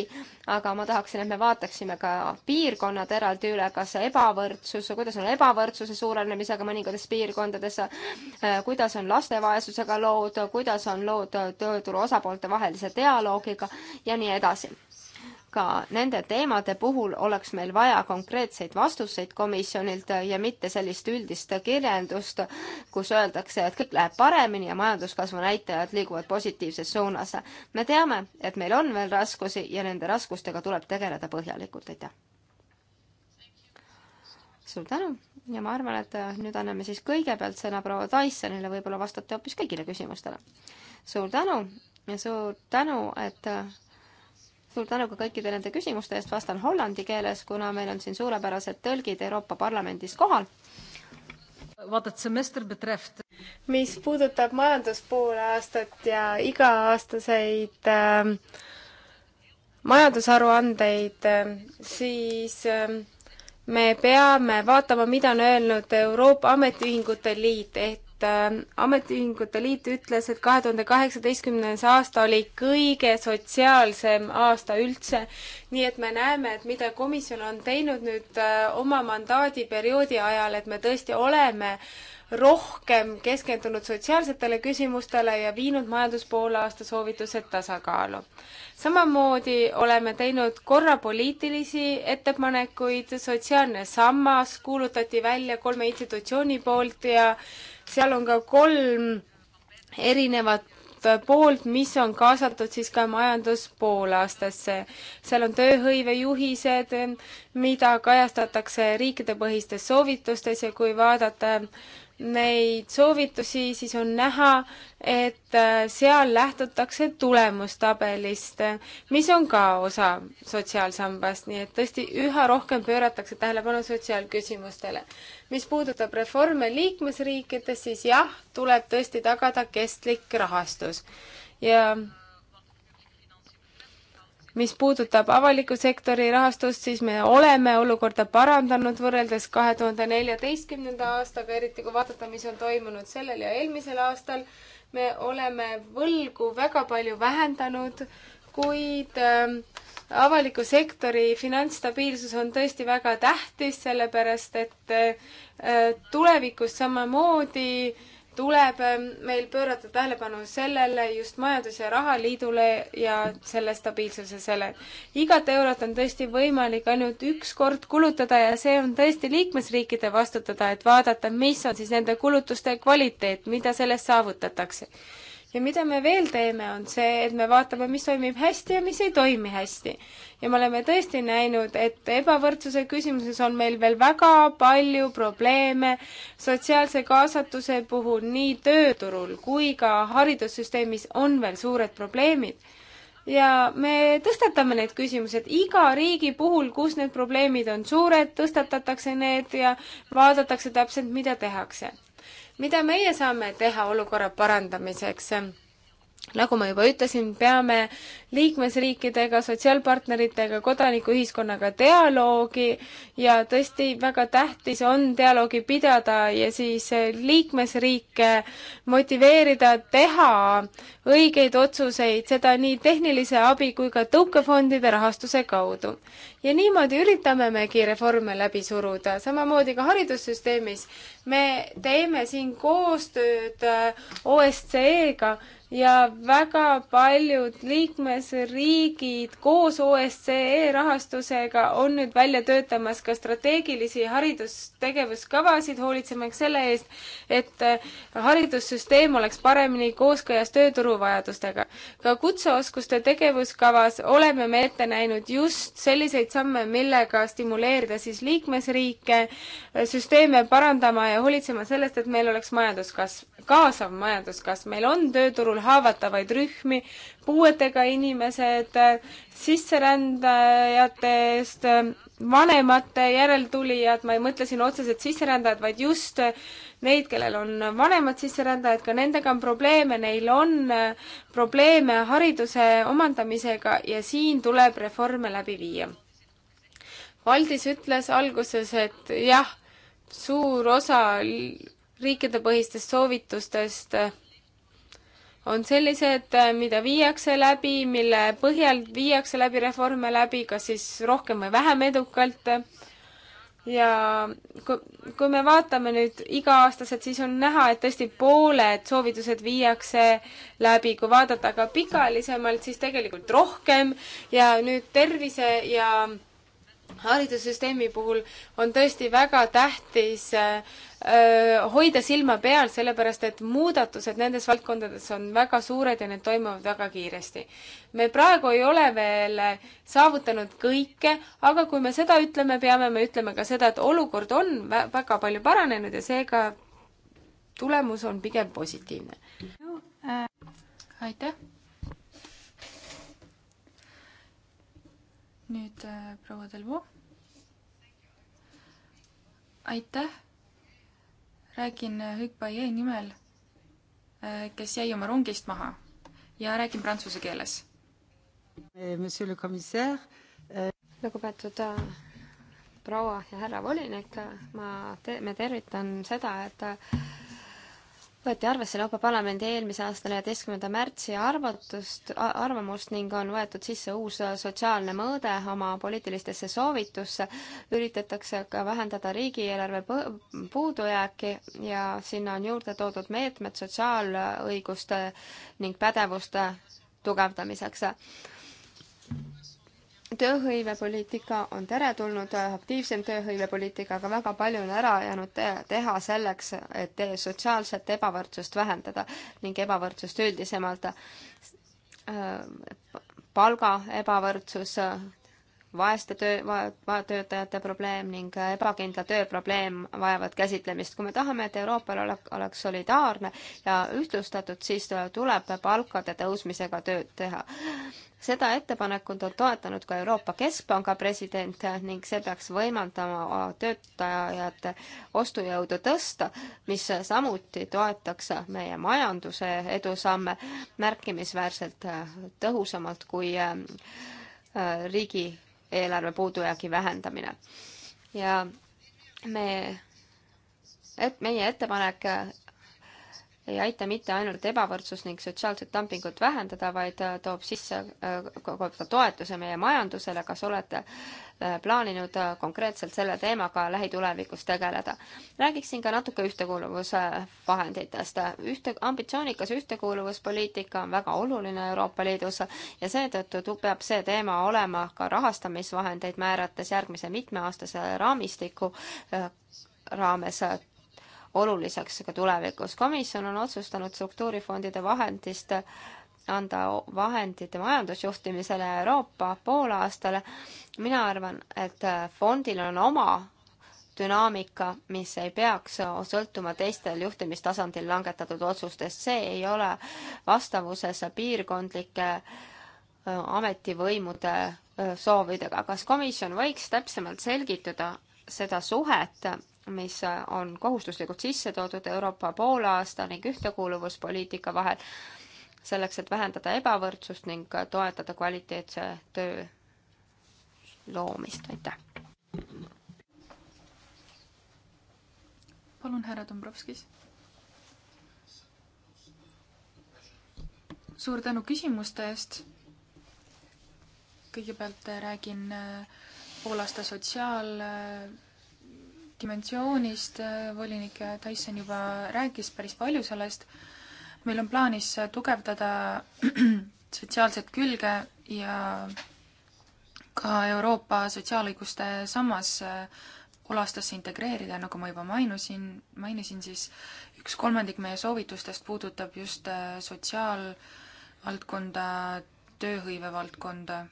aga ma tahaksin, et me vaataksime ka piirkonnad eraldi üle, kas ebavõrdsus, kuidas on ebavõrdsuse suurenemisega mõningates piirkondades, äh, kuidas on laste vaesusega lood, kuidas on lood tööturu osapoolte vahelise dialoogiga ja nii edasi ka nende teemade puhul oleks meil vaja konkreetseid vastuseid komisjonilt ja mitte sellist üldist kirjendust, kus öeldakse, et kõik läheb paremini ja majanduskasvu näitajad liiguvad positiivses suunas. me teame, et meil on veel raskusi ja nende raskustega tuleb tegeleda põhjalikult, aitäh! suur tänu ja ma arvan, et nüüd anname siis kõigepealt sõna proua Tysonile, võib-olla vastate hoopis kõigile küsimustele. suur tänu ja suur tänu, et suur tänu ka kõikide nende küsimuste eest, vastan hollandi keeles, kuna meil on siin suurepärased tõlgid Euroopa Parlamendis kohal. mis puudutab majanduspoolaastat ja iga-aastaseid äh, majandusaruandeid äh,, siis äh, me peame vaatama, mida on öelnud Euroopa Ametiühingute Liit ehk Äh, ametiühingute Liit ütles, et kahe tuhande kaheksateistkümnes aasta oli kõige sotsiaalsem aasta üldse. nii et me näeme, et mida komisjon on teinud nüüd äh, oma mandaadiperioodi ajal, et me tõesti oleme rohkem keskendunud sotsiaalsetele küsimustele ja viinud majanduspoole aasta soovitused tasakaalu. samamoodi oleme teinud korra poliitilisi ettepanekuid, sotsiaalne sammas kuulutati välja kolme institutsiooni poolt ja seal on ka kolm erinevat poolt, mis on kaasatud siis ka majanduspoolaastasse. seal on tööhõive juhised, mida kajastatakse riikidepõhistes soovitustes ja kui vaadata neid soovitusi, siis on näha, et äh, seal lähtutakse tulemustabelist, mis on ka osa sotsiaalsambast, nii et tõesti üha rohkem pööratakse tähelepanu sotsiaalküsimustele. mis puudutab reforme liikmesriikides, siis jah, tuleb tõesti tagada kestlik rahastus ja mis puudutab avaliku sektori rahastust, siis me oleme olukorda parandanud võrreldes kahe tuhande neljateistkümnenda aastaga, eriti kui vaadata, mis on toimunud sellel ja eelmisel aastal. me oleme võlgu väga palju vähendanud, kuid ähm, avaliku sektori finantsstabiilsus on tõesti väga tähtis, sellepärast et äh, tulevikus samamoodi äh, tuleb ähm, meil pöörata tähelepanu sellele just Majandus- ja Rahaliidule ja selle stabiilsusele. igat eurot on tõesti võimalik ainult üks kord kulutada ja see on tõesti liikmesriikide vastutada, et vaadata, mis on siis nende kulutuste kvaliteet, mida sellest saavutatakse ja mida me veel teeme, on see, et me vaatame, mis toimib hästi ja mis ei toimi hästi. ja me oleme tõesti näinud, et ebavõrdsuse küsimuses on meil veel väga palju probleeme sotsiaalse kaasatuse puhul nii tööturul kui ka haridussüsteemis on veel suured probleemid ja me tõstatame need küsimused iga riigi puhul, kus need probleemid on suured, tõstatatakse need ja vaadatakse täpselt, mida tehakse mida meie saame teha olukorra parandamiseks? nagu ma juba ütlesin, peame liikmesriikidega, sotsiaalpartneritega, kodanikuühiskonnaga dialoogi ja tõesti väga tähtis on dialoogi pidada ja siis liikmesriike motiveerida teha õigeid otsuseid, seda nii tehnilise abi kui ka tõukefondide rahastuse kaudu. ja niimoodi üritamegi reforme läbi suruda, samamoodi ka haridussüsteemis me teeme siin koostööd äh, OSCE-ga ja väga paljud liikmesriigid koos OSCE rahastusega on nüüd välja töötamas ka strateegilisi haridustegevuskavasid, hoolitsemaks selle eest, et äh, haridussüsteem oleks paremini kooskõjas tööturu vajadustega. ka kutseoskuste tegevuskavas oleme me ette näinud just selliseid samme, millega stimuleerida siis liikmesriike äh, süsteeme parandama hoolitsema sellest, et meil oleks majanduskasv, kaasav majanduskasv, meil on tööturul haavatavaid rühmi, puuetega inimesed, sisserändajatest, vanemate järeltulijad, ma ei mõtle siin otseselt sisserändajad, vaid just neid, kellel on vanemad sisserändajad, ka nendega on probleeme, neil on probleeme hariduse omandamisega ja siin tuleb reforme läbi viia. Valdis ütles alguses, et jah, suur osa riikidepõhistest soovitustest on sellised, mida viiakse läbi, mille põhjal viiakse läbi reforme läbi, kas siis rohkem või vähem edukalt. ja kui, kui me vaatame nüüd iga-aastaselt, siis on näha, et tõesti pooled soovitused viiakse läbi, kui vaadata aga pikaajalisemalt, siis tegelikult rohkem ja nüüd tervise ja haridussüsteemi puhul on tõesti väga tähtis äh, äh, hoida silma peal, sellepärast et muudatused nendes valdkondades on väga suured ja need toimuvad väga kiiresti. me praegu ei ole veel saavutanud kõike, aga kui me seda ütleme, peame me ütlema ka seda, et olukord on väga palju paranenud ja seega tulemus on pigem positiivne. Äh. aitäh! nüüd äh, proua Delvo. aitäh, räägin äh, Hüppaie nimel äh,, kes jäi oma rongist maha ja räägin prantsuse keeles. Eh, eh, lugupeetud äh, proua ja härra volinik, äh, ma te-, me tervitan seda, et võeti arvesse Euroopa Parlamendi eelmise aasta neljateistkümnenda märtsi arvutust, arvamust ning on võetud sisse uus sotsiaalne mõõde oma poliitilistesse soovitusse. üritatakse ka vähendada riigieelarve puudujääki ja sinna on juurde toodud meetmed sotsiaalõiguste ning pädevuste tugevdamiseks tööhõivepoliitika on teretulnud, aktiivsem tööhõivepoliitika, aga väga palju on ära jäänud teha selleks, et sotsiaalset ebavõrdsust vähendada ning ebavõrdsust üldisemalt. Äh, palga ebavõrdsus, vaeste töö va,, töötajate probleem ning ebakindla töö probleem vajavad käsitlemist. kui me tahame, et Euroopal oleks solidaarne ja ühtlustatud, siis tuleb palkade tõusmisega tööd teha seda ettepanekut on toetanud ka Euroopa Keskpanga president ning see peaks võimaldama töötajate ostujõudu tõsta, mis samuti toetaks meie majanduse edusamme märkimisväärselt tõhusamalt kui äh, riigieelarve puudujäägi vähendamine. ja me, et meie ettepanek ei aita mitte ainult ebavõrdsust ning sotsiaalset dumpingut vähendada, vaid äh, toob sisse äh, ka toetuse meie majandusele, kas olete äh, plaaninud konkreetselt selle teemaga lähitulevikus tegeleda. räägiksin ka natuke ühtekuuluvuse vahenditest. ühte, ambitsioonikas ühtekuuluvuspoliitika on väga oluline Euroopa Liidus ja seetõttu peab see teema olema ka rahastamisvahendeid määrates järgmise mitmeaastase raamistiku raames oluliseks ka tulevikus. komisjon on otsustanud struktuurifondide vahendist anda vahendid majandusjuhtimisele Euroopa poolaastale. mina arvan, et fondil on oma dünaamika, mis ei peaks sõltuma teistel juhtimistasandil langetatud otsustest, see ei ole vastavuses piirkondlike äh, ametivõimude äh, soovidega. kas komisjon võiks täpsemalt selgitada seda suhet mis äh, on kohustuslikult sisse toodud Euroopa poolaasta ning ühtekuuluvuspoliitika vahel, selleks et vähendada ebavõrdsust ning äh, toetada kvaliteetse töö loomist, aitäh! palun, härra Dombrovskis. suur tänu küsimuste eest. kõigepealt räägin äh, poolaasta sotsiaal- dimensioonist äh, volinik Tyson juba rääkis päris palju sellest. meil on plaanis tugevdada <clears throat> sotsiaalset külge ja ka Euroopa sotsiaalõiguste sammas äh, olastasse integreerida, nagu ma juba mainusin, mainisin, siis üks kolmandik meie soovitustest puudutab just äh, sotsiaalvaldkonda, tööhõive valdkonda.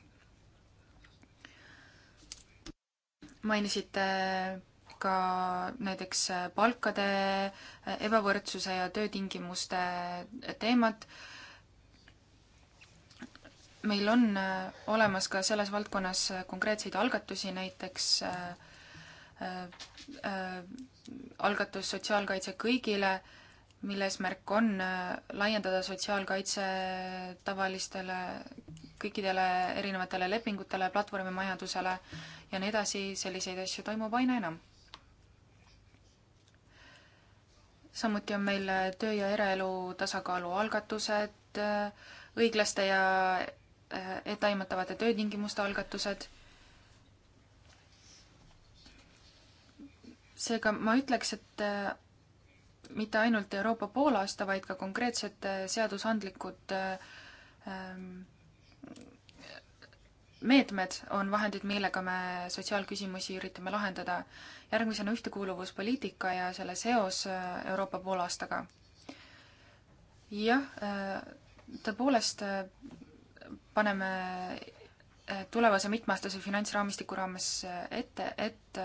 mainisite ka näiteks palkade ebavõrdsuse ja töötingimuste teemad. meil on olemas ka selles valdkonnas konkreetseid algatusi, näiteks äh, äh, algatus Sotsiaalkaitse kõigile, mille eesmärk on äh, laiendada sotsiaalkaitse tavalistele, kõikidele erinevatele lepingutele, platvormimajandusele ja nii edasi, selliseid asju toimub aina enam. samuti on meil töö ja eraelu tasakaalu algatused, õiglaste ja eh, etteaimatavate töötingimuste algatused. seega ma ütleks, et eh, mitte ainult Euroopa poolaasta, vaid ka konkreetsed eh, seadusandlikud ähm, meetmed on vahendid, millega me sotsiaalküsimusi üritame lahendada. järgmisena ühtekuuluvuspoliitika ja selle seos äh, Euroopa poolaastaga. jah, äh, tõepoolest äh, paneme tulevase mitmeaastase finantsraamistiku raames ette, et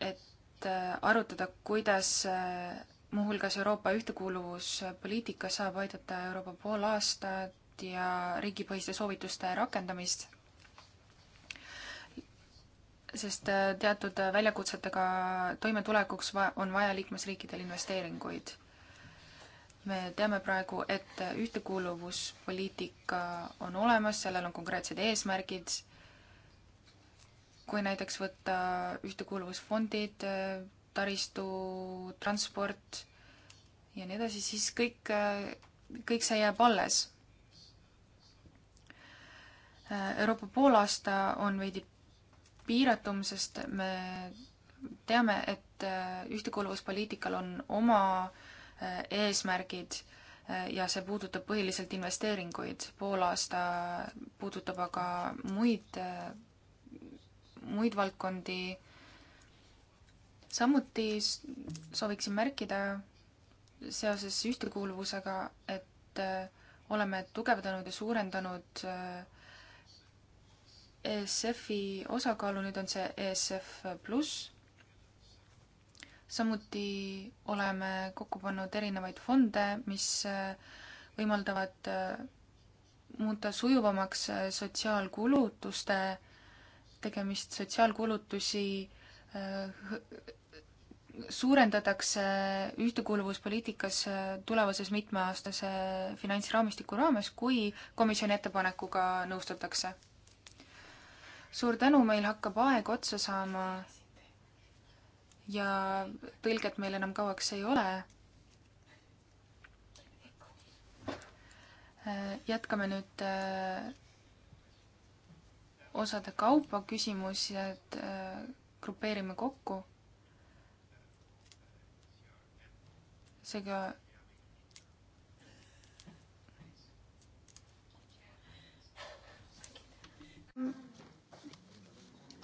et arutada, kuidas muuhulgas Euroopa ühtekuuluvuspoliitika saab aidata Euroopa poolaastat ja riigipõhiste soovituste rakendamist, sest äh, teatud väljakutsetega toimetulekuks va-, on vaja liikmesriikidel investeeringuid. me teame praegu, et ühtekuuluvuspoliitika on olemas, sellel on konkreetsed eesmärgid, kui näiteks võtta ühtekuuluvusfondid, äh, taristu, transport ja nii edasi, siis kõik, äh, kõik see jääb alles Euroopa poolaasta on veidi piiratum, sest me teame, et äh, ühtekuuluvuspoliitikal on oma äh, eesmärgid äh, ja see puudutab põhiliselt investeeringuid. poolaasta puudutab aga muid, muid valdkondi. samuti sooviksin märkida seoses ühtekuuluvusega, et oleme tugevdanud ja suurendanud äh, ESF-i osakaalu, nüüd on see ESF pluss. samuti oleme kokku pannud erinevaid fonde, mis äh, võimaldavad äh, muuta sujuvamaks äh, sotsiaalkulutuste tegemist, sotsiaalkulutusi suurendatakse ühtekuuluvuspoliitikas tulevases mitmeaastase finantsraamistiku raames, kui komisjoni ettepanekuga nõustutakse suur tänu, meil hakkab aeg otsa saama ja tõlget meil enam kauaks ei ole. Äh, jätkame nüüd äh, osade kaupa küsimusi, et äh, grupeerime kokku. seega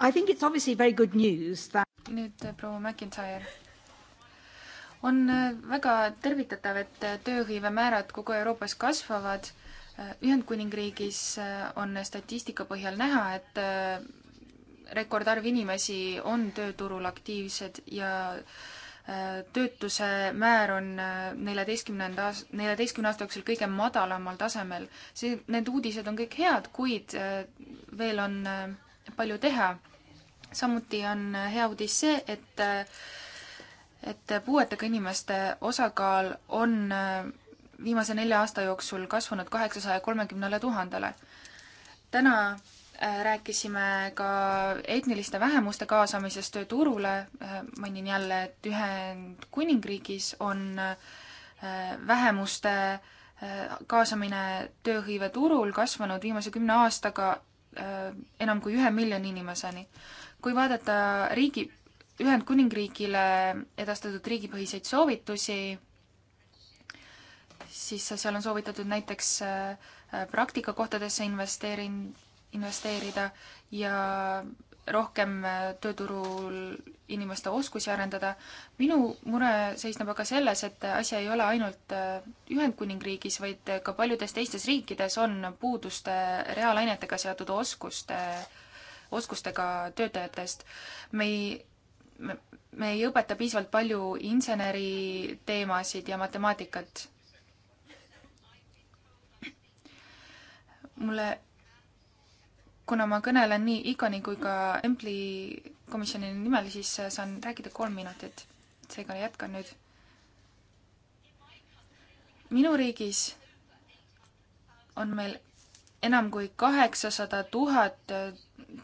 I think it's obviously very good news that nüüd äh, proua McIntyre. on äh, väga tervitatav, et äh, tööhõivemäärad kogu Euroopas kasvavad. Ühendkuningriigis on statistika põhjal näha, et rekordarv inimesi on tööturul aktiivsed ja töötuse määr on neljateistkümnenda aas-, neljateistkümne aasta jooksul kõige madalamal tasemel. see, need uudised on kõik head, kuid veel on palju teha samuti on hea uudis see, et, et puuetega inimeste osakaal on äh, viimase nelja aasta jooksul kasvanud kaheksasaja kolmekümnele tuhandele. täna äh, rääkisime ka etniliste vähemuste kaasamisest tööturule, äh, mainin jälle, et Ühendkuningriigis on vähemuste kaasamine tööhõiveturul kasvanud viimase kümne aastaga enam kui ühe miljoni inimeseni kui vaadata riigi, Ühendkuningriigile edastatud riigipõhiseid soovitusi, siis seal on soovitatud näiteks äh, praktikakohtadesse investeerin-, investeerida ja rohkem äh, tööturul inimeste oskusi arendada. minu mure seisneb aga selles, et asi ei ole ainult äh, Ühendkuningriigis, vaid ka paljudes teistes riikides on puuduste reaalainetega seotud oskuste oskustega töötajatest. me ei, me, me ei õpeta piisavalt palju inseneriteemasid ja matemaatikat. mulle, kuna ma kõnelen nii Iconi kui ka Embli komisjoni nimel, siis saan rääkida kolm minutit. seega jätkan nüüd. minu riigis on meil enam kui kaheksasada tuhat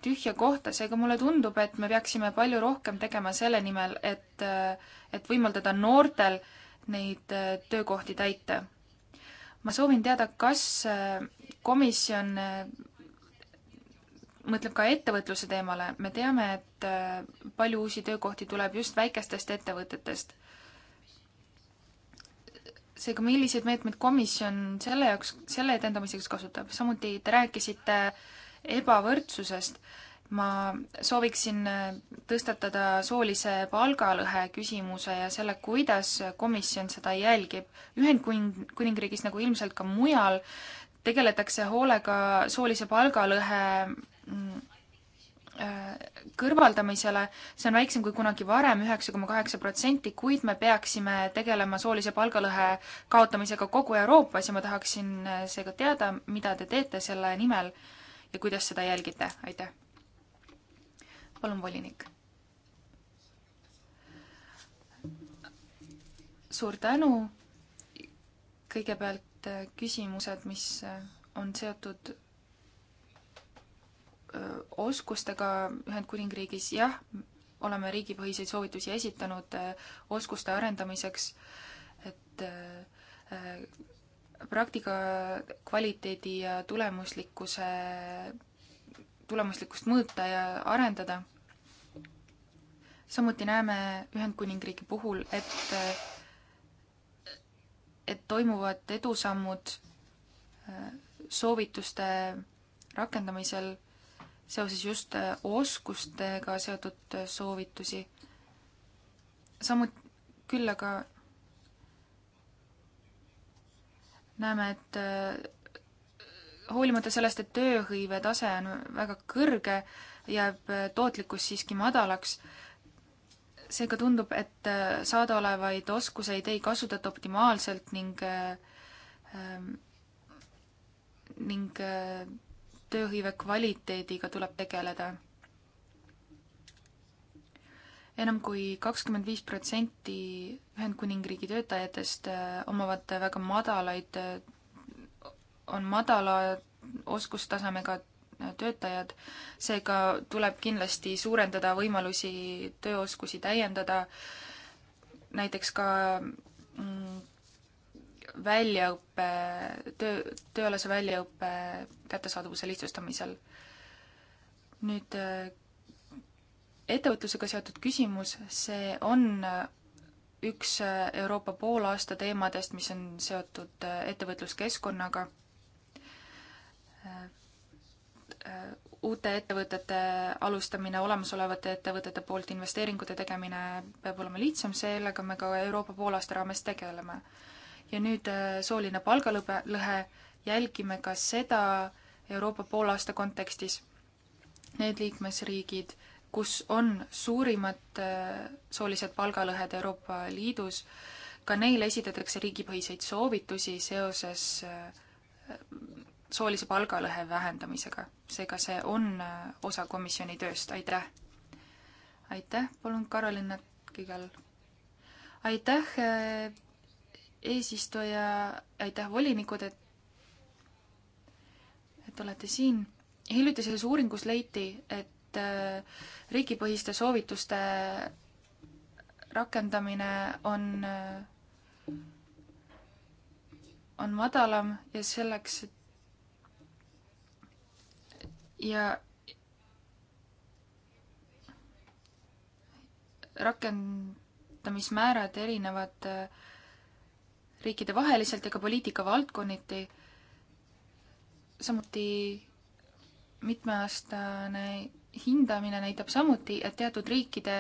tühja kohta, seega mulle tundub, et me peaksime palju rohkem tegema selle nimel, et, et võimaldada noortel neid äh, töökohti täita. ma soovin teada, kas äh, komisjon äh, mõtleb ka ettevõtluse teemale, me teame, et palju uusi töökohti tuleb just väikestest ettevõtetest. seega, milliseid meetmeid komisjon selle jaoks, selle edendamiseks kasutab, samuti te rääkisite äh, ebavõrdsusest, ma sooviksin äh, tõstatada soolise palgalõhe küsimuse ja selle, kuidas komisjon seda jälgib. Ühendkuningriigis, nagu ilmselt ka mujal, tegeletakse hoolega soolise palgalõhe mm, äh, kõrvaldamisele, see on väiksem kui kunagi varem, üheksa koma kaheksa protsenti, kuid me peaksime tegelema soolise palgalõhe kaotamisega kogu Euroopas ja ma tahaksin äh, seega teada, mida te teete selle nimel ja kuidas seda jälgite, aitäh. palun, volinik. suur tänu. kõigepealt äh, küsimused, mis äh, on seotud äh, oskustega Ühendkuningriigis, jah, oleme riigipõhiseid soovitusi esitanud oskuste arendamiseks, et praktika kvaliteedi ja tulemuslikkuse, tulemuslikkust mõõta ja arendada. samuti näeme Ühendkuningriigi puhul, et, et toimuvad edusammud äh, soovituste rakendamisel seoses just äh, oskustega seotud soovitusi. samuti küll aga näeme, et äh, hoolimata sellest, et tööhõive tase on väga kõrge, jääb äh, tootlikkus siiski madalaks. seega tundub, et äh, saadaolevaid oskuseid ei kasutata optimaalselt ning ähm, ning tööhõive kvaliteediga tuleb tegeleda enam kui kakskümmend viis protsenti Ühendkuningriigi töötajatest äh, omavad väga madalaid, äh, on madala oskustasemega töötajad, seega tuleb kindlasti suurendada võimalusi tööoskusi täiendada, näiteks ka mm, väljaõppe, töö, tööalase väljaõppe kättesaadavuse lihtsustamisel. nüüd äh, ettevõtlusega seotud küsimus, see on üks Euroopa poolaasta teemadest, mis on seotud ettevõtluskeskkonnaga, uute ettevõtete alustamine, olemasolevate ettevõtete poolt investeeringute tegemine peab olema lihtsam, sellega me ka Euroopa poolaasta raames tegeleme. ja nüüd äh, sooline palgalõbe, lõhe, jälgime ka seda Euroopa poolaasta kontekstis. Need liikmesriigid, kus on suurimad äh, soolised palgalõhed Euroopa Liidus, ka neile esitatakse riigipõhiseid soovitusi seoses äh, soolise palgalõhe vähendamisega. seega see on äh, osa komisjoni tööst, aitäh! aitäh, palun Karolina Kigal! aitäh, eesistuja, aitäh, volinikud, et et olete siin. hiljutises uuringus leiti, et et äh, riigipõhiste soovituste rakendamine on, äh, on madalam ja selleks, et ja rakendamismäärad erinevad äh, riikide vaheliselt ja ka poliitika valdkonniti. samuti mitmeaastane hindamine näitab samuti, et teatud riikide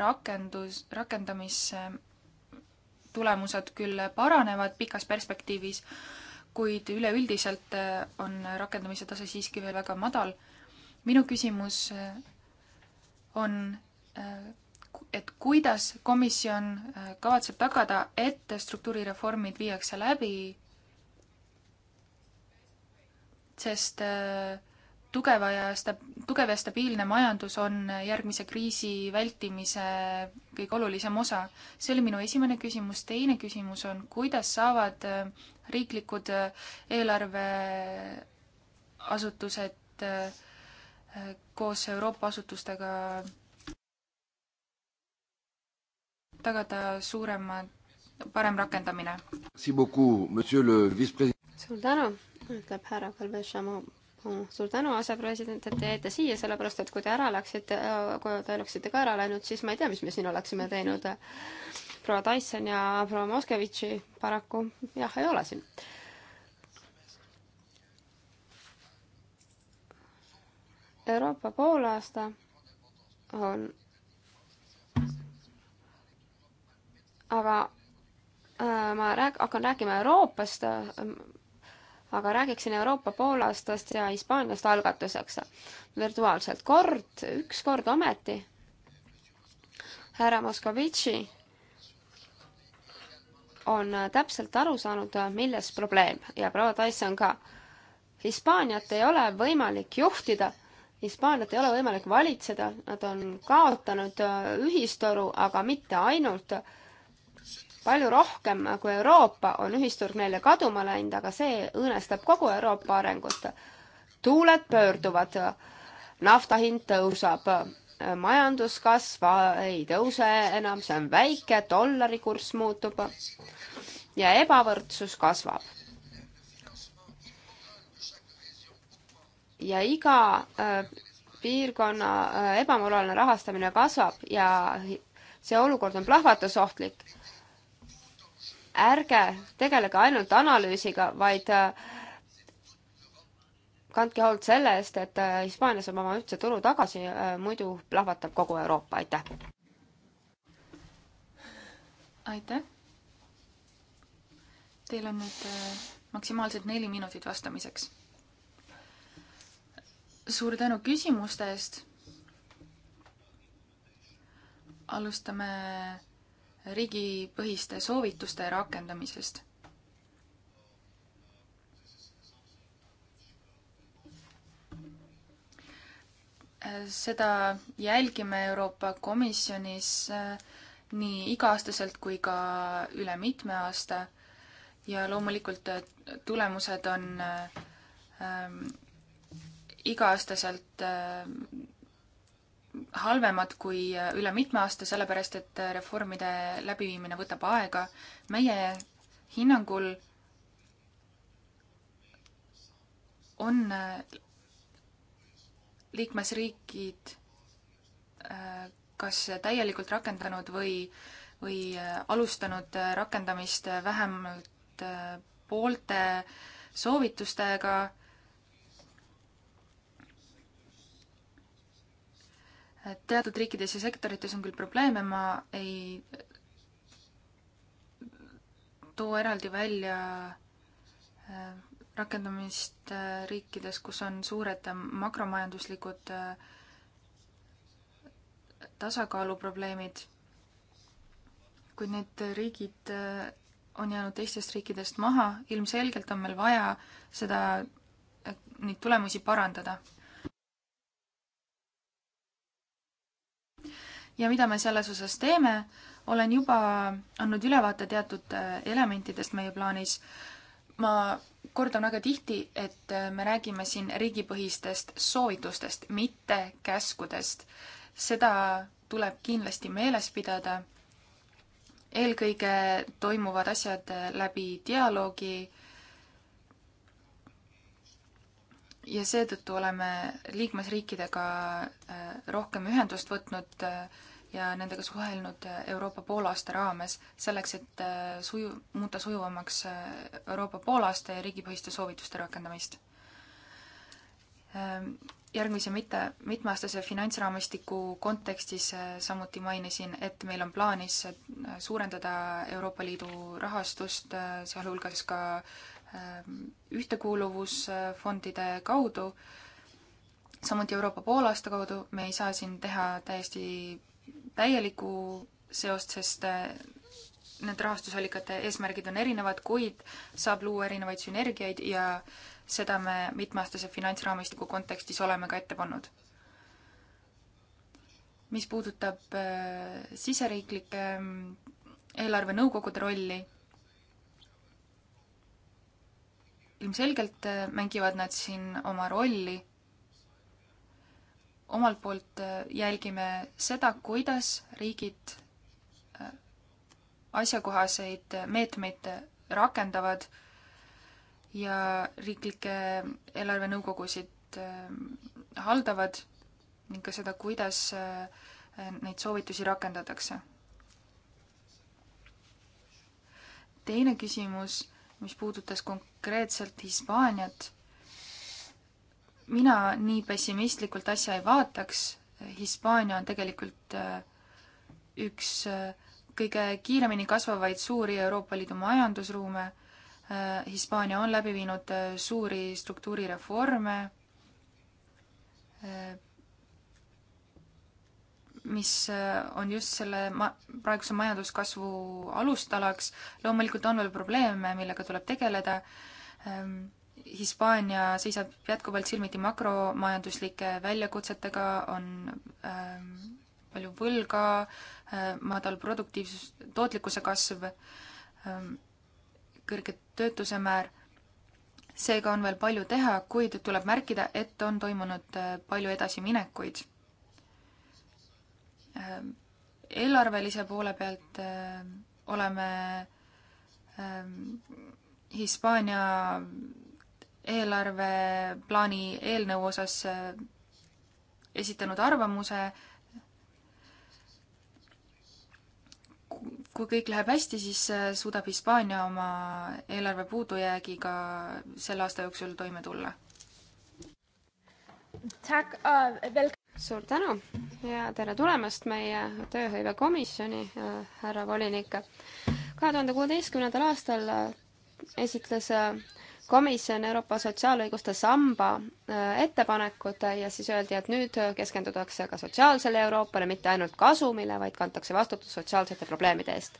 rakendus, rakendamise tulemused küll paranevad pikas perspektiivis, kuid üleüldiselt eh, on rakendamise tase siiski veel väga madal. minu küsimus eh, on, eh, et kuidas komisjon kavatseb tagada, et struktuurireformid viiakse läbi, sest äh, tugeva ja sta-, tugev ja stabiilne majandus on järgmise kriisi vältimise kõige olulisem osa. see oli minu esimene küsimus, teine küsimus on, kuidas saavad äh, riiklikud äh, eelarveasutused äh, koos Euroopa asutustega tagada suurema, parem rakendamine? suur tänu, ütleb härra Kalvešamo Oh, suur tänu, asepresident, et te jäite siia, sellepärast et kui te ära läksite, äh, kui te oleksite ka ära läinud, siis ma ei tea, mis me siin oleksime teinud. proua Tyson ja proua Moskvitši paraku jah, ei ole siin. Euroopa poolaasta on aga äh, ma rääg-, hakkan rääkima Euroopast äh,, aga räägiksin Euroopa poolaastast ja Hispaaniast algatuseks. virtuaalselt kord, üks kord ometi, härra Moskovitši on täpselt aru saanud, milles probleem ja proua Tyson ka. Hispaaniat ei ole võimalik juhtida, Hispaaniat ei ole võimalik valitseda, nad on kaotanud äh, ühistoru, aga mitte ainult palju rohkem kui Euroopa on ühisturg neile kaduma läinud, aga see õõnestab kogu Euroopa arengut. tuuled pöörduvad, nafta hind tõusab, majanduskasv ei tõuse enam, see on väike, dollari kurss muutub ja ebavõrdsus kasvab. ja iga äh, piirkonna äh, ebamoraalne rahastamine kasvab ja see olukord on plahvatusohtlik ärge tegelege ainult analüüsiga, vaid äh, kandke hoolt selle eest, et äh, Hispaania saab oma ühtse turu tagasi, äh, muidu plahvatab kogu Euroopa, aitäh! aitäh! Teil on nüüd maksimaalselt neli minutit vastamiseks. suur tänu küsimuste eest! alustame riigipõhiste soovituste rakendamisest. seda jälgime Euroopa Komisjonis eh, nii iga-aastaselt kui ka üle mitme aasta ja loomulikult eh, tulemused on eh, iga-aastaselt halvemad kui äh, üle mitme aasta, sellepärast et äh, reformide läbiviimine võtab aega. meie hinnangul on äh, liikmesriigid kas täielikult rakendanud või, või alustanud rakendamist vähemalt poolte soovitustega äh, teatud riikides ja sektorites on küll probleeme, ma ei too eraldi välja äh, rakendamist äh, riikides, kus on suured äh, makromajanduslikud tasakaaluprobleemid, kuid need riigid on jäänud teistest riikidest maha, ilmselgelt on meil vaja seda, neid tulemusi parandada ja mida me selles osas teeme, olen juba andnud ülevaate teatud eh, elementidest meie plaanis. ma kordan väga tihti, et eh, me räägime siin riigipõhistest soovitustest, mitte käskudest. seda tuleb kindlasti meeles pidada. eelkõige toimuvad asjad eh, läbi dialoogi ja seetõttu oleme liikmesriikidega rohkem ühendust võtnud äh, ja nendega suhelnud äh, Euroopa poolaasta raames, selleks et äh, suju, muuta sujuvamaks äh, Euroopa poolaasta ja riigipõhiste soovituste rakendamist. Ähm, järgmise mitte, mitmeaastase finantsraamistiku kontekstis samuti mainisin, et meil on plaanis suurendada Euroopa Liidu rahastust, sealhulgas ka ähm, ühtekuuluvusfondide kaudu, samuti Euroopa poolaasta kaudu, me ei saa siin teha täiesti täielikku seost, sest äh, need rahastusallikate eesmärgid on erinevad, kuid saab luua erinevaid sünergiaid ja seda me mitmeaastase finantsraamistiku kontekstis oleme ka ette pannud. mis puudutab äh, siseriiklike mm, eelarvenõukogude rolli, ilmselgelt äh, mängivad nad siin oma rolli omalt poolt äh, jälgime seda, kuidas riigid äh, asjakohaseid meetmeid rakendavad ja riiklikke eelarvenõukogusid äh, haldavad ning ka seda, kuidas neid soovitusi rakendatakse. teine küsimus, mis puudutas konkreetselt Hispaaniat mina nii pessimistlikult asja ei vaataks, Hispaania on tegelikult äh, üks äh, kõige kiiremini kasvavaid suuri Euroopa Liidu majandusruume, äh, Hispaania on läbi viinud suuri struktuurireforme, mis on just selle ma-, praeguse majanduskasvu alustalaks, loomulikult on veel probleeme, millega tuleb tegeleda ähm,, Hispaania seisab jätkuvalt silmiti makromajanduslike väljakutsetega, on ähm, palju võlga äh,, madal produktiivsus, tootlikkuse kasv ähm,, kõrge töötuse määr, seega on veel palju teha, kuid tuleb märkida, et on toimunud äh, palju edasiminekuid ähm,. eelarvelise poole pealt äh, oleme ähm, Hispaania eelarveplaani eelnõu osas äh, esitanud arvamuse. kui kõik läheb hästi, siis äh, suudab Hispaania oma eelarve puudujäägiga selle aasta jooksul toime tulla. Äh, suur tänu ja tere tulemast meie tööhõivekomisjoni, härra volinik. kahe tuhande kuueteistkümnendal aastal esitles komisjon Euroopa sotsiaalõiguste samba äh, ettepanekud ja siis öeldi, et nüüd keskendutakse ka sotsiaalsele Euroopale, mitte ainult kasumile, vaid kantakse vastutus sotsiaalsete probleemide eest.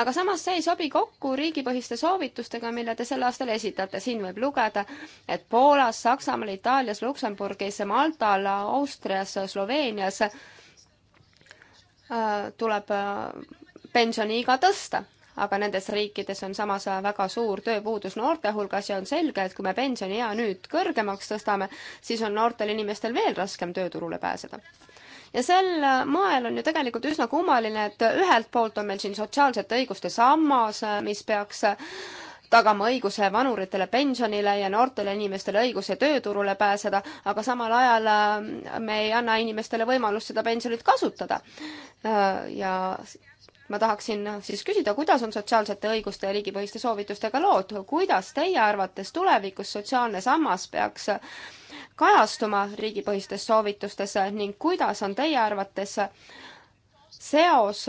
aga samas see ei sobi kokku riigipõhiste soovitustega, mille te sel aastal esitate. siin võib lugeda, et Poolas, Saksamaal, Itaalias, Luksemburgis, Maltal, Austrias, Sloveenias äh, tuleb äh, pensioniiga tõsta aga nendes riikides on samas väga suur tööpuudus noorte hulgas ja on selge, et kui me pensioniea nüüd kõrgemaks tõstame, siis on noortel inimestel veel raskem tööturule pääseda ja sel äh, moel on ju tegelikult üsna kummaline, et ühelt poolt on meil siin sotsiaalsete õiguste sammas, äh, mis peaks äh, tagama õiguse vanuritele pensionile ja noortele inimestele õiguse tööturule pääseda, aga samal ajal me ei anna inimestele võimalust seda pensionit kasutada. ja ma tahaksin siis küsida, kuidas on sotsiaalsete õiguste ja riigipõhiste soovitustega lood, kuidas teie arvates tulevikus sotsiaalne sammas peaks kajastuma riigipõhistes soovitustes ning kuidas on teie arvates seos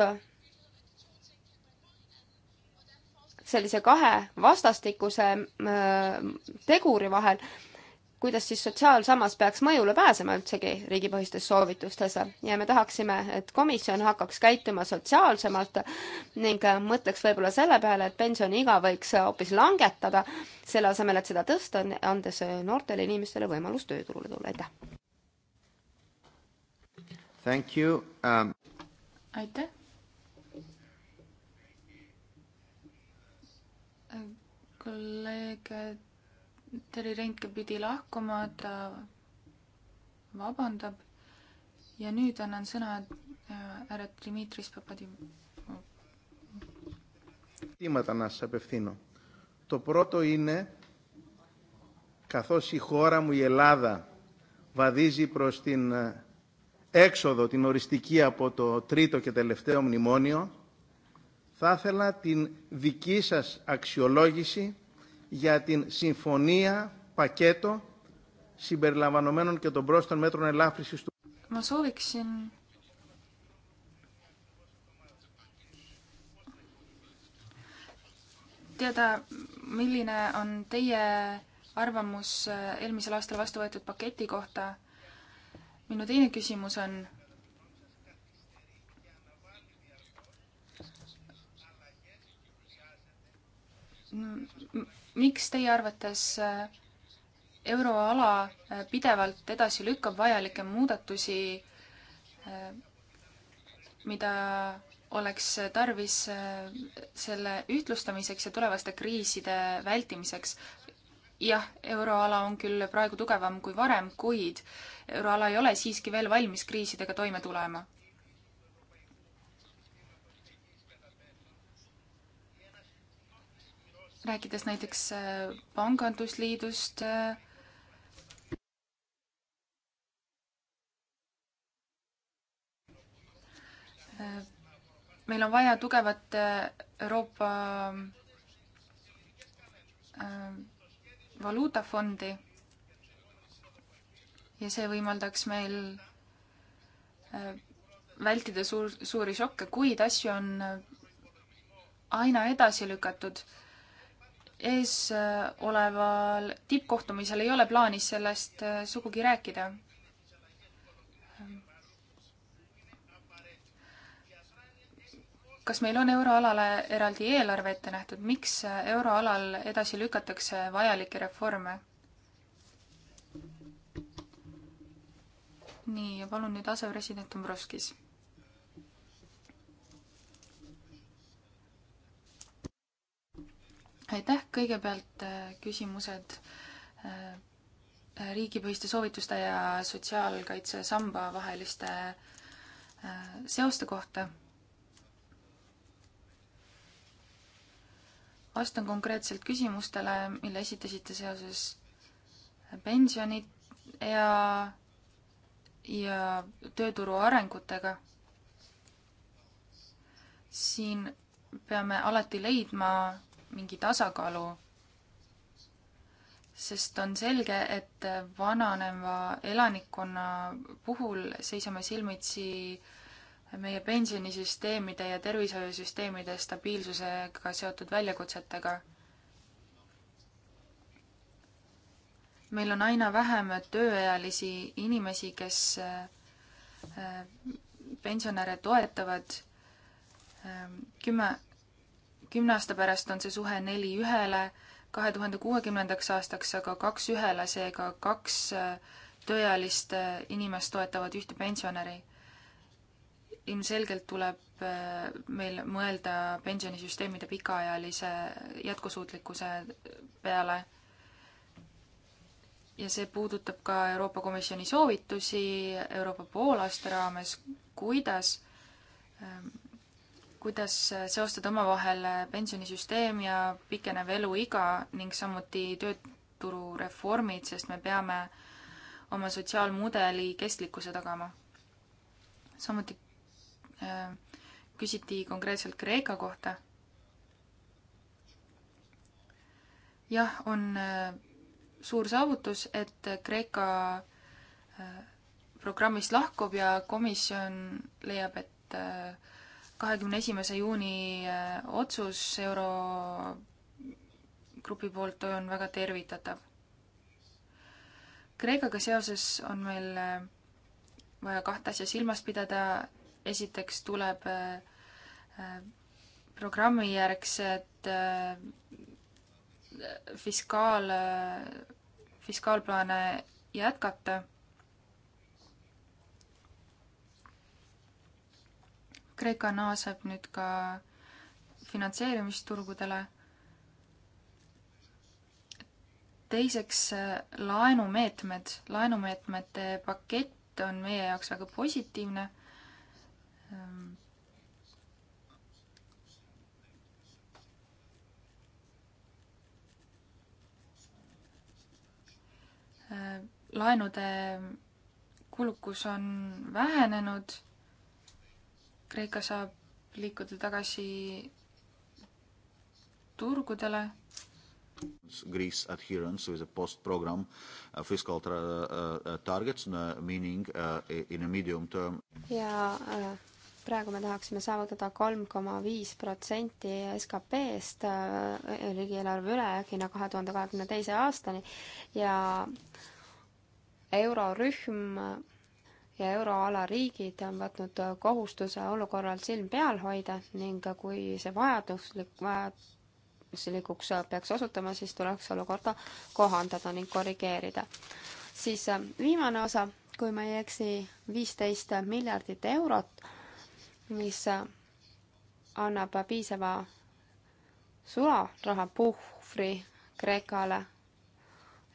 sellise kahe vastastikuse äh, teguri vahel kuidas siis sotsiaalsammas peaks mõjule pääsema üldsegi riigipõhistes soovitustes ja me tahaksime, et komisjon hakkaks käituma sotsiaalsemalt ning mõtleks võib-olla selle peale, et pensioniiga võiks hoopis langetada, selle asemel, et seda tõsta, andes noortele inimestele võimalus tööturule tulla, aitäh! Thank you um.... aitäh! kolleeg Terri Reinke pidi lahkuma, ta vabandab ja nüüd annan sõna äh, härra Dmitris Papadimu. Τίματα να σας απευθύνω. Το πρώτο είναι, καθώς η χώρα μου η Ελλάδα βαδίζει προς την έξοδο, την οριστική από το τρίτο και τελευταίο μνημόνιο, θα ήθελα την δική σας αξιολόγηση για την συμφωνία πακέτο συμπεριλαμβανομένων και των πρόσθετων μέτρων ελάφρυσης του. Μα sooviksin teada, milline on teie arvamus äh, eelmisel aastal vastu võetud paketi kohta. minu teine küsimus on, miks teie arvates äh, euroala äh, pidevalt edasi lükkab vajalikke muudatusi, äh, mida oleks tarvis selle ühtlustamiseks ja tulevaste kriiside vältimiseks. jah, euroala on küll praegu tugevam kui varem, kuid euroala ei ole siiski veel valmis kriisidega toime tulema. rääkides näiteks äh, pangandusliidust, äh, meil on vaja tugevat äh, Euroopa valuutafondi ja see võimaldaks meil vältida suur, suuri šokke, kuid asju on aina edasi lükatud ees äh, oleval tippkohtumisel ei ole plaanis sellest äh, sugugi rääkida. kas meil on euroalale eraldi eelarve ette nähtud, miks äh, euroalal edasi lükatakse vajalikke reforme? nii, ja palun nüüd asepresident Dombrovskis aitäh, kõigepealt äh, küsimused äh, riigipõhiste soovituste ja sotsiaalkaitsesamba vaheliste äh, seoste kohta. vastan konkreetselt küsimustele, mille esitasite seoses pensionid ja, ja tööturu arengutega. siin peame alati leidma mingi tasakaalu, sest on selge, et vananeva elanikkonna puhul seisame silmitsi meie pensionisüsteemide ja tervishoiusüsteemide stabiilsusega seotud väljakutsetega. meil on aina vähem tööealisi inimesi, kes äh, pensionäre toetavad. kümme kümne aasta pärast on see suhe neli ühele, kahe tuhande kuuekümnendaks aastaks aga kaks ühele, seega kaks äh, tööealist äh, inimest toetavad ühte pensionäri. ilmselgelt tuleb äh, meil mõelda pensionisüsteemide pikaajalise jätkusuutlikkuse peale. ja see puudutab ka Euroopa Komisjoni soovitusi Euroopa poolaasta raames, kuidas ähm, kuidas seostada omavahel pensionisüsteem ja pikenev eluiga ning samuti tööturureformid, sest me peame oma sotsiaalmudeli kestlikkuse tagama. samuti äh, küsiti konkreetselt Kreeka kohta. jah, on äh, suur saavutus, et Kreeka äh, programmist lahkub ja komisjon leiab, et äh, kahekümne esimese juuni äh, otsus Eurogrupi poolt on väga tervitatav. Kreekaga seoses on meil äh, vaja kahte asja silmas pidada, esiteks tuleb äh, programmijärgsed fiskaal, fiskaalplaane jätkata Kreeka naaseb nüüd ka finantseerimisturgudele. teiseks, laenumeetmed, laenumeetmete pakett on meie jaoks väga positiivne. laenude kulukus on vähenenud Kreeka saab liikuda tagasi turgudele. Greece adherence with a post-program uh, fiscal tra- uh, uh, targets uh,, meaning uh, in a medium term. ja uh, praegu me tahaksime saavutada kolm koma viis protsenti SKP-st uh, äh, riigieelarve ülejäägina kahe tuhande kahekümne teise aastani ja eurorühm uh, ja euroala riigid on võtnud äh, kohustuse olukorral silm peal hoida ning äh, kui see vajaduslik, vajaduslikuks äh, peaks osutuma, siis tuleks olukorda kohandada ning korrigeerida. siis viimane osa, kui ma ei eksi, viisteist miljardit eurot, mis annab piisava sularahapuhvri Kreekale,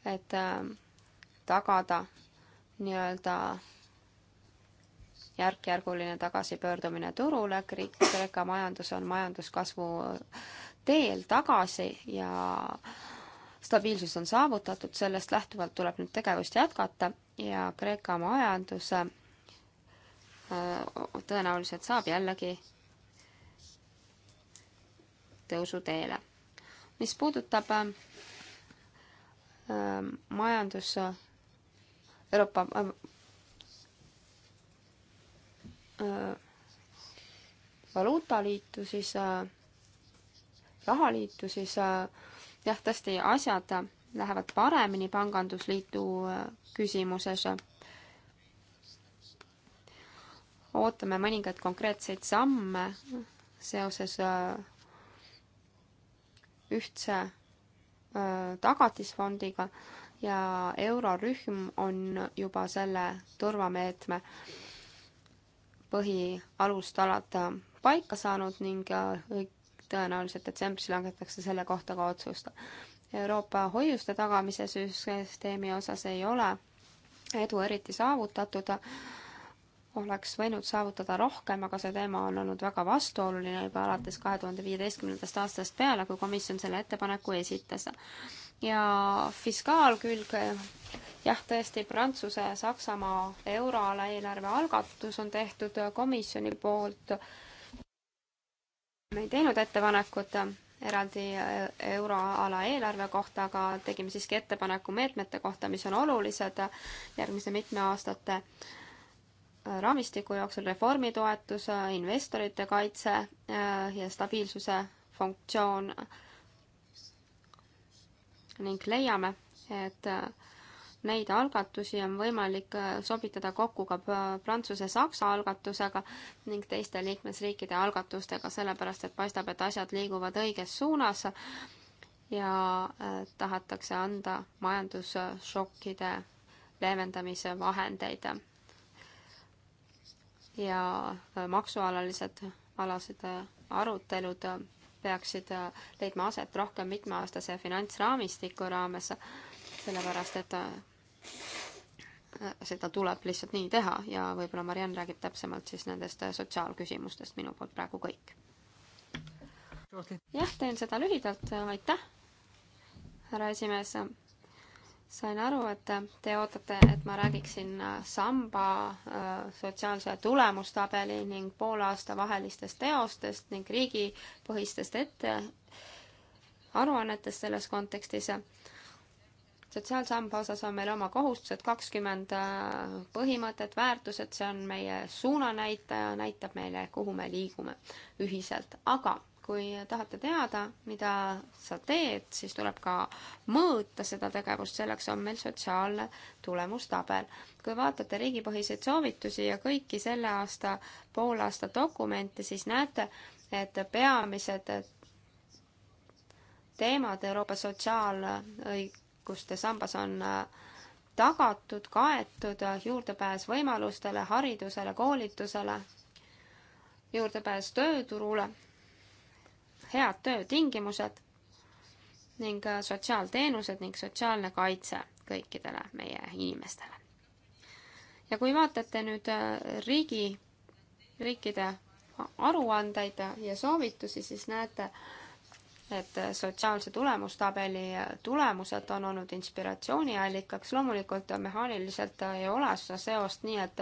et tagada nii-öelda järk-järguline tagasipöördumine turule, Kreeka majandus on majanduskasvu äh, teel tagasi ja stabiilsus on saavutatud, sellest lähtuvalt tuleb nüüd tegevust jätkata ja Kreeka majandus äh, tõenäoliselt saab jällegi tõusuteele. mis puudutab äh, äh majandus Euroopa äh, Äh, valuutaliitu, siis äh, rahaliitu, siis äh, jah, tõesti asjad lähevad paremini pangandusliidu küsimuses. ootame mõningaid konkreetseid samme seoses ühtse tagatisfondiga ja eurorühm on juba selle turvameetme põhialustalad äh, paika saanud ning äh, tõenäoliselt detsembris langetatakse selle kohta ka otsust. Euroopa hoiuste tagamise süsteemi osas ei ole edu eriti saavutatud, oleks võinud saavutada rohkem, aga see teema on olnud väga vastuoluline juba alates kahe tuhande viieteistkümnendast aastast peale, kui komisjon selle ettepaneku esitas ja fiskaalkülg, jah, tõesti, Prantsuse ja Saksamaa euroala eelarve algatus on tehtud komisjoni poolt. me ei teinud ettepanekut eraldi euroala eelarve kohta, aga tegime siiski ettepaneku meetmete kohta, mis on olulised järgmise mitme aastate raamistiku jooksul reformitoetus, investorite kaitse ja stabiilsuse funktsioon ning leiame, et äh, neid algatusi on võimalik äh, sobitada kokku ka Prantsuse-Saksa algatusega ning teiste liikmesriikide algatustega, sellepärast et paistab, et asjad liiguvad õiges suunas ja äh, tahetakse anda majandusšokkide leevendamise vahendeid. ja maksualalised, alased arutelud peaksid äh, leidma aset rohkem mitmeaastase finantsraamistiku raames, sellepärast et äh, seda tuleb lihtsalt nii teha ja võib-olla Mariann räägib täpsemalt siis nendest äh, sotsiaalküsimustest, minu poolt praegu kõik. jah, teen seda lühidalt, aitäh, härra esimees sain aru, et te ootate, et ma räägiksin äh, samba äh, sotsiaalse tulemustabeli ning poolaasta vahelistest teostest ning riigipõhistest ette aruannetest selles kontekstis. sotsiaalsamba osas on meil oma kohustused, kakskümmend äh, põhimõtet, väärtused, see on meie suunanäitaja, näitab meile, kuhu me liigume ühiselt, aga kui tahate teada, mida sa teed, siis tuleb ka mõõta seda tegevust, selleks on meil sotsiaalne tulemustabel. kui vaatate riigipõhiseid soovitusi ja kõiki selle aasta, poolaasta dokumente, siis näete, et peamised teemad Euroopa sotsiaalõiguste sambas on äh, tagatud, kaetud äh, juurdepääs võimalustele, haridusele, koolitusele, juurdepääs tööturule head töötingimused ning äh, sotsiaalteenused ning sotsiaalne kaitse kõikidele meie inimestele. ja kui vaatate nüüd äh, riigi, riikide aruandeid ja soovitusi, siis näete, et äh, sotsiaalse tulemustabeli tulemused on olnud inspiratsiooniallikaks, loomulikult mehaaniliselt ei ole seda seost nii, et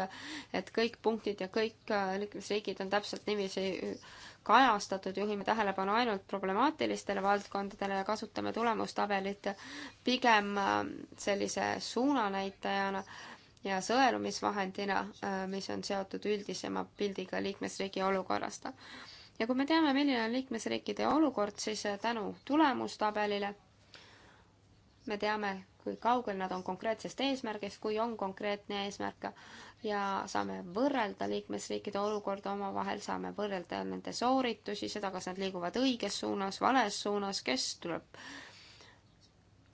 et kõik punktid ja kõik liikmesriigid on täpselt niiviisi kajastatud, juhime tähelepanu ainult problemaatilistele valdkondadele ja kasutame tulemustabelit pigem ähm, sellise suunanäitajana ja sõelumisvahendina, äh, mis on seotud üldisema pildiga liikmesriigi olukorrast. ja kui me teame, milline on liikmesriikide olukord, siis äh, tänu tulemustabelile me teame, kui kaugel nad on konkreetsest eesmärgist, kui on konkreetne eesmärk ja saame võrrelda liikmesriikide olukorda omavahel, saame võrrelda nende sooritusi, seda, kas nad liiguvad õiges suunas, vales suunas, kes tuleb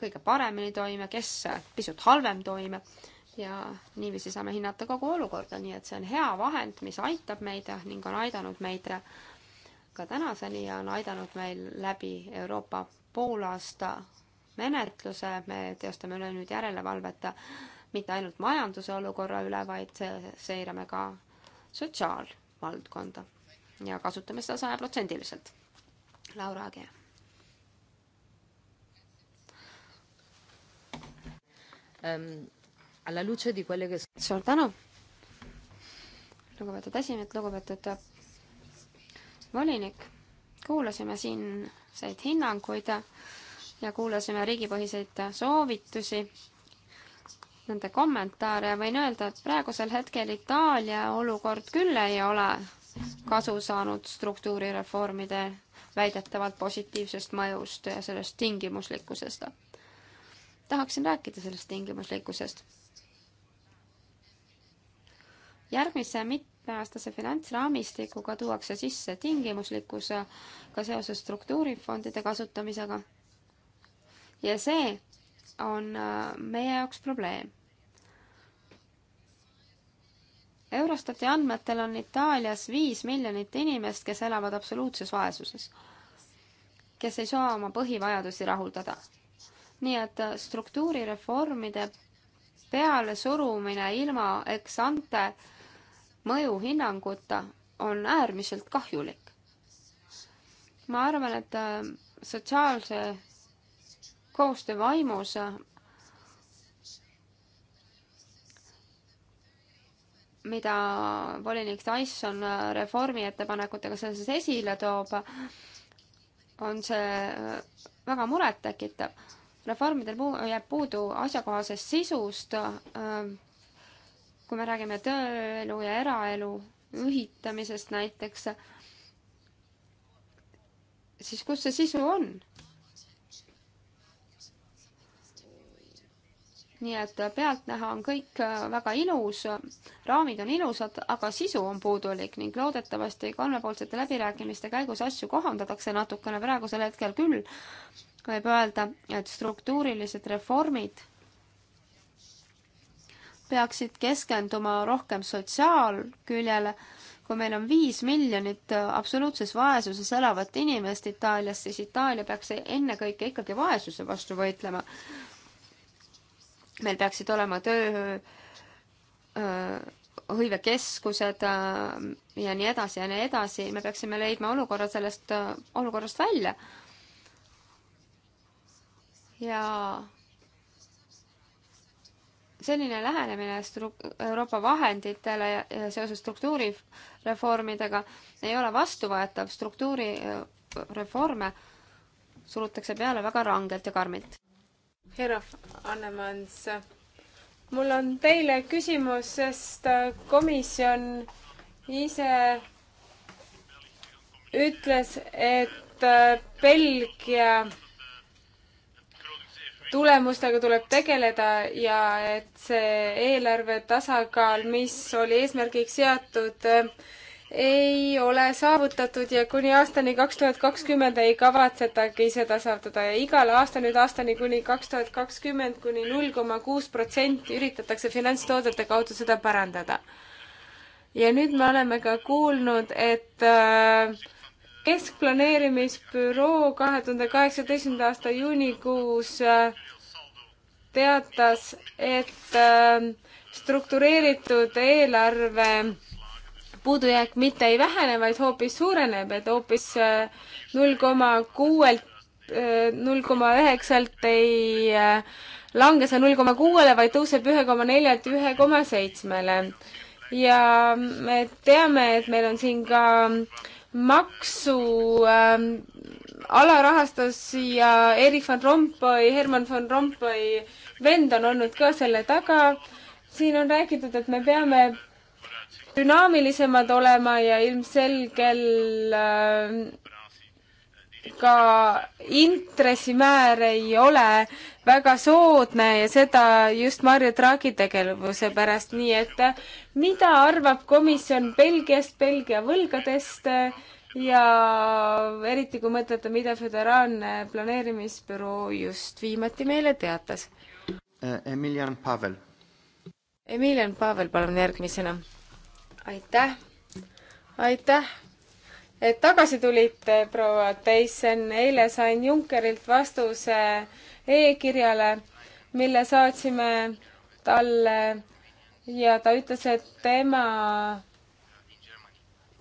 kõige paremini toime, kes pisut halvem toime ja niiviisi saame hinnata kogu olukorda, nii et see on hea vahend, mis aitab meid ning on aidanud meid ka tänaseni ja on aidanud meil läbi Euroopa poolaasta menetluse, me teostame üle nüüd järelevalvet mitte ainult majanduse olukorra üle, vaid seirame ka sotsiaalvaldkonda ja kasutame seda sajaprotsendiliselt. Laura Age. Ähm, suur tänu, lugupeetud esimees, lugupeetud volinik, kuulasime siin said hinnanguid ja kuulasime riigipõhiseid soovitusi nende kommentaare ja võin öelda, et praegusel hetkel Itaalia olukord küll ei ole kasu saanud struktuurireformide väidetavalt positiivsest mõjust ja sellest tingimuslikkusest. tahaksin rääkida sellest tingimuslikkusest. järgmise mitmeaastase finantsraamistikuga tuuakse sisse tingimuslikkus ka seoses struktuurifondide kasutamisega. ja see on äh, meie jaoks probleem. Eurostati andmetel on Itaalias viis miljonit inimest, kes elavad absoluutses vaesuses, kes ei saa oma põhivajadusi rahuldada. nii et äh, struktuurireformide pealesurumine ilma ex-ante mõjuhinnanguta on äärmiselt kahjulik. ma arvan, et äh, sotsiaalse koostöö vaimus mida volinik Tyson reformi ettepanekutega seoses esile toob, on see väga murettekitav. reformidel puu-, jääb puudu asjakohasest sisust, kui me räägime tööelu ja eraelu ühitamisest näiteks, siis kus see sisu on? nii et pealtnäha on kõik äh, väga ilus, raamid on ilusad, aga sisu on puudulik ning loodetavasti kolmepoolsete läbirääkimiste käigus asju kohandatakse natukene, praegusel hetkel küll võib öelda, et struktuurilised reformid peaksid keskenduma rohkem sotsiaalküljele. kui meil on viis miljonit äh, absoluutses vaesuses elavat inimest Itaalias, siis Itaalia peaks ennekõike ikkagi vaesuse vastu võitlema meil peaksid olema töö hõivekeskused ja nii edasi ja nii edasi, me peaksime leidma olukorra sellest olukorrast välja. ja selline lähenemine Euroopa vahenditele ja seoses struktuurireformidega ei ole vastuvõetav, struktuurireforme surutakse peale väga rangelt ja karmilt härra Annemans, mul on teile küsimus, sest komisjon ise ütles, et Belgia tulemustega tuleb tegeleda ja et see eelarve tasakaal, mis oli eesmärgiks seatud, ei ole saavutatud ja kuni aastani kaks tuhat kakskümmend ei kavatsetagi seda saavutada ja igal aastal nüüd aastani kuni kaks tuhat kakskümmend kuni null koma kuus protsenti üritatakse finantstoodete kaudu seda parandada. ja nüüd me oleme ka kuulnud, et äh, keskplaneerimisbüroo kahe tuhande kaheksateistkümnenda aasta juunikuus äh, teatas, et äh, struktureeritud eelarve puudujääk mitte ei vähene, vaid hoopis suureneb, et hoopis äh, null koma kuuelt, äh, null koma üheksalt ei äh, lange see null koma kuuele, vaid tõuseb ühe koma neljalt ühe koma seitsmele. ja me teame, et meil on siin ka maksu äh, alarahastus ja Erik van Rompuy, Herman van Rompuy vend on olnud ka selle taga. siin on räägitud, et me peame dünaamilisemad olema ja ilmselgel äh, ka intressimäär ei ole väga soodne ja seda just Mario Draghi tegevuse pärast, nii et äh, mida arvab komisjon Belgiast, Belgia võlgadest äh, ja eriti kui mõtlete, mida föderaalne planeerimisbüroo just viimati meile teatas? Emilian Pavel. Emilian Pavel, palun järgmisena aitäh, aitäh, et tagasi tulite, proua Teissen. eile sain Junckerilt vastuse e-kirjale, mille saatsime talle ja ta ütles, et tema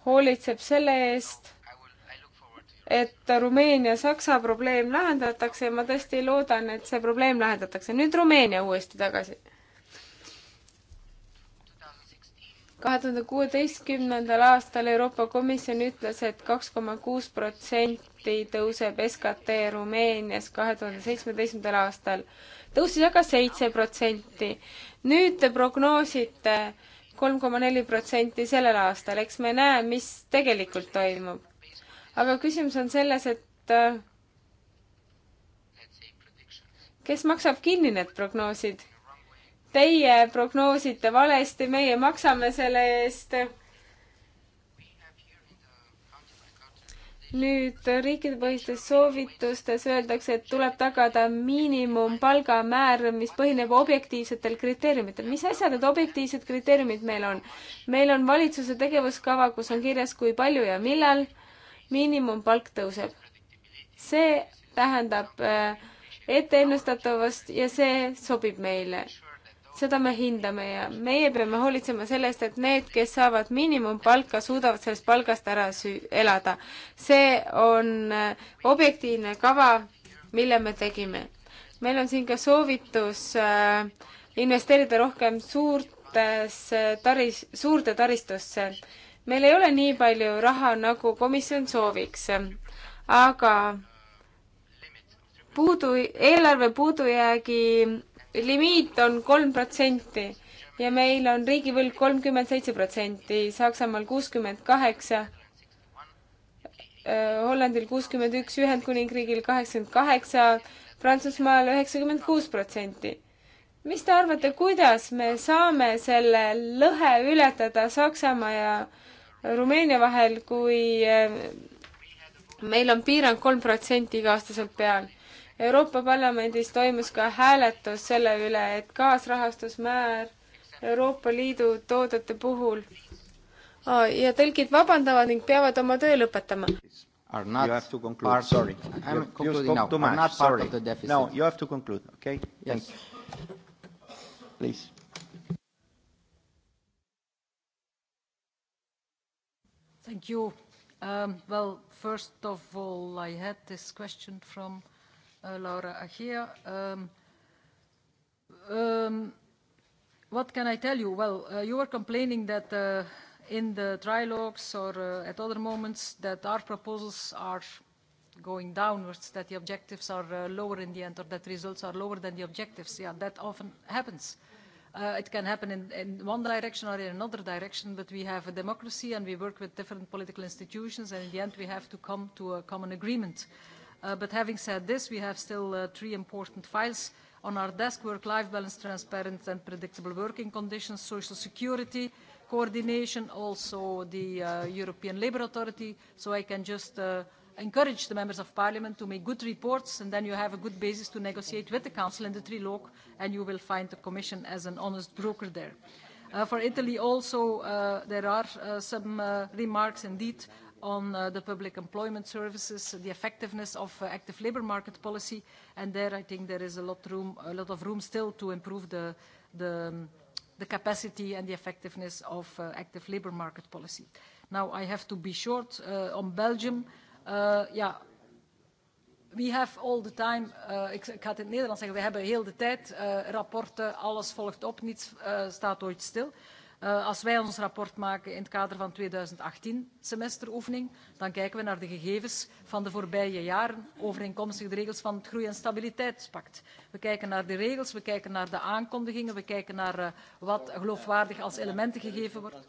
hoolitseb selle eest, et Rumeenia-Saksa probleem lahendatakse ja ma tõesti loodan, et see probleem lahendatakse. nüüd Rumeenia uuesti tagasi kahe tuhande kuueteistkümnendal aastal Euroopa Komisjon ütles et, et kaks koma kuus protsenti tõuseb SKT Rumeenias kahe tuhande seitsmeteistkümnendal aastal. tõusis aga seitse protsenti. nüüd te prognoosite kolm koma neli protsenti sellel aastal, eks me näe, mis tegelikult toimub. aga küsimus on selles, et äh, kes maksab kinni need prognoosid teie prognoosite valesti, meie maksame selle eest. nüüd riikidepõhistes soovitustes öeldakse, et tuleb tagada miinimumpalgamäär, mis põhineb objektiivsetel kriteeriumitel. mis asjad need objektiivsed kriteeriumid meil on? meil on valitsuse tegevuskava, kus on kirjas, kui palju ja millal miinimumpalk tõuseb. see tähendab äh, etteennustatavust ja see sobib meile seda me hindame ja meie peame hoolitsema sellest, et need, kes saavad miinimumpalka, suudavad sellest palgast ära süü-, elada. see on äh, objektiivne kava, mille me tegime. meil on siin ka soovitus äh, investeerida rohkem suurtesse taris, suurde taristusse. meil ei ole nii palju raha, nagu komisjon sooviks, aga puudu, eelarve puudujäägi limiit on kolm protsenti ja meil on riigivõlg kolmkümmend seitse protsenti, Saksamaal kuuskümmend kaheksa, äh, Hollandil kuuskümmend üks, Ühendkuningriigil kaheksakümmend kaheksa, Prantsusmaal üheksakümmend kuus protsenti. mis te arvate, kuidas me saame selle lõhe ületada Saksamaa ja Rumeenia vahel, kui äh, meil on piirang kolm protsenti iga-aastaselt peal? Euroopa Parlamendis toimus ka hääletus selle üle, et kaasrahastusmäär Euroopa Liidu toodete puhul ja tõlgid vabandavad ning peavad oma töö lõpetama. Are not you have to conclude. Part, sorry, I'm you, concluding you now. Too much. I'm not sorry. part of the deficit. No, you have to conclude. Okay. Yes. Thank you. Please. Thank you. Um, well, first of all, I had this question from Eh, Laura Agea. Um, ehm, um, ehm, what can I tell you? Well, uh, you were complaining that uh, in the trilogues or uh, at other moments that our proposals are going downwards, that the objectives are uh, lower in the end or that results are lower than the objectives. Yeah, that often happens. Uh, it can happen in, in one direction or in another direction, but we have a democracy and we work with different political institutions and in the end we have to come to a common agreement. Uh, Uh, but having said this, we have still uh, three important files on our desk, work-life balance, transparent and predictable working conditions, social security, coordination, also the uh, European Labour Authority. So I can just uh, encourage the members of parliament to make good reports and then you have a good basis to negotiate with the council in the trilogue and you will find the commission as an honest broker there. Uh, for Italy also uh, there are uh, some uh, remarks indeed on uh, the public employment services, the effectiveness of uh, active labour market policy, and there I think there is a lot, room, a lot of room still to improve the, the, um, the capacity and the effectiveness of uh, active labour market policy. Now I have to be short uh, on Belgium. Uh, yeah, we have all the time, uh, ik, ik ga het in het Nederlands zeggen, we hebben heel de tijd uh, rapporten, alles volgt op, niets uh, staat ooit stil. Uh, Uh, als wij ons verslag maken in het kader van de tweeduizendachttien semesteroefening dan kijken we naar de gegevens van de voorbije jaren overeenkomstig de regels van het groei en stabiliteitspact. we kijken naar de regels we kijken naar de aankondigingen we kijken naar uh, wat geloofwaardig als elementen gegeven wordt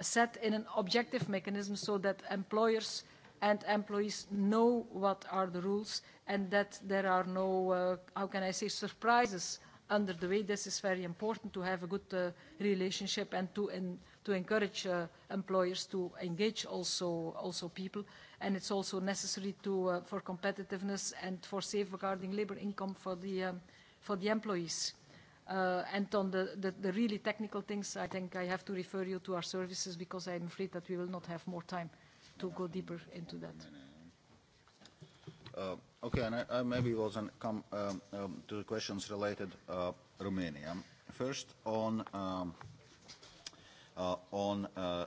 set in an objective mechanism so that employers and employees know what are the rules and that there are no, uh, how can I say, surprises under the way. This is very important to have a good uh, relationship and to, in, to encourage uh, employers to engage also, also people. And it's also necessary to, uh, for competitiveness and for safeguarding labor income for the, um, for the employees. Uh, and on the, the, the really technical things, I think I have to refer you to our services because I'm afraid that we will not have more time to go deeper into that. Uh, okay, and I, I maybe will then come um, um, to the questions related uh, Romania. First, on um, uh, on uh,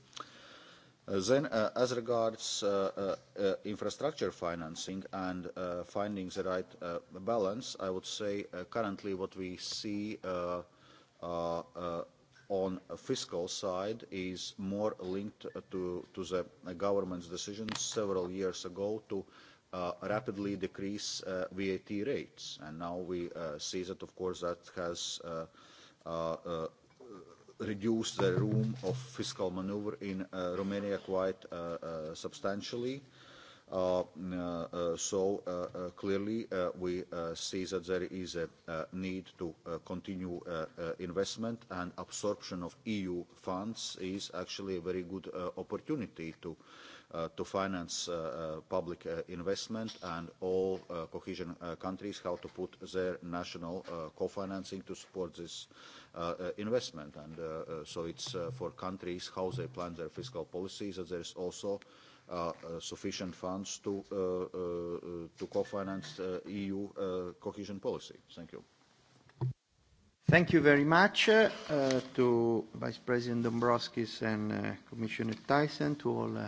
Uh, then, uh, as regards uh, uh, uh, infrastructure financing and uh, finding the right uh, balance, I would say uh, currently what we see uh, uh, uh, on a fiscal side is more linked uh, to, to the government's decision several years ago to uh, rapidly decrease uh, VAT rates. And now we uh, see that, of course, that has uh, uh, uh, reduced the room of fiscal maneuver in uh, Romania quite uh, uh, substantially. Uh, uh, uh, so uh, uh, clearly uh, we uh, see that there is a uh, need to uh, continue uh, uh, investment and absorption of EU funds is actually a very good uh, opportunity to uh, uh, to finance uh, uh, public uh, investment and all uh, cohesion uh, countries how to put their national uh, co-financing to support this uh, uh, investment. And uh, uh, so it's uh, for countries how they plan their fiscal policies that there's also uh, uh, sufficient funds to, uh, uh, to co-finance uh, EU uh, cohesion policy. Thank you. Thank you very much uh, to Vice President Dombrovskis and uh, Commissioner Tyson, to all uh,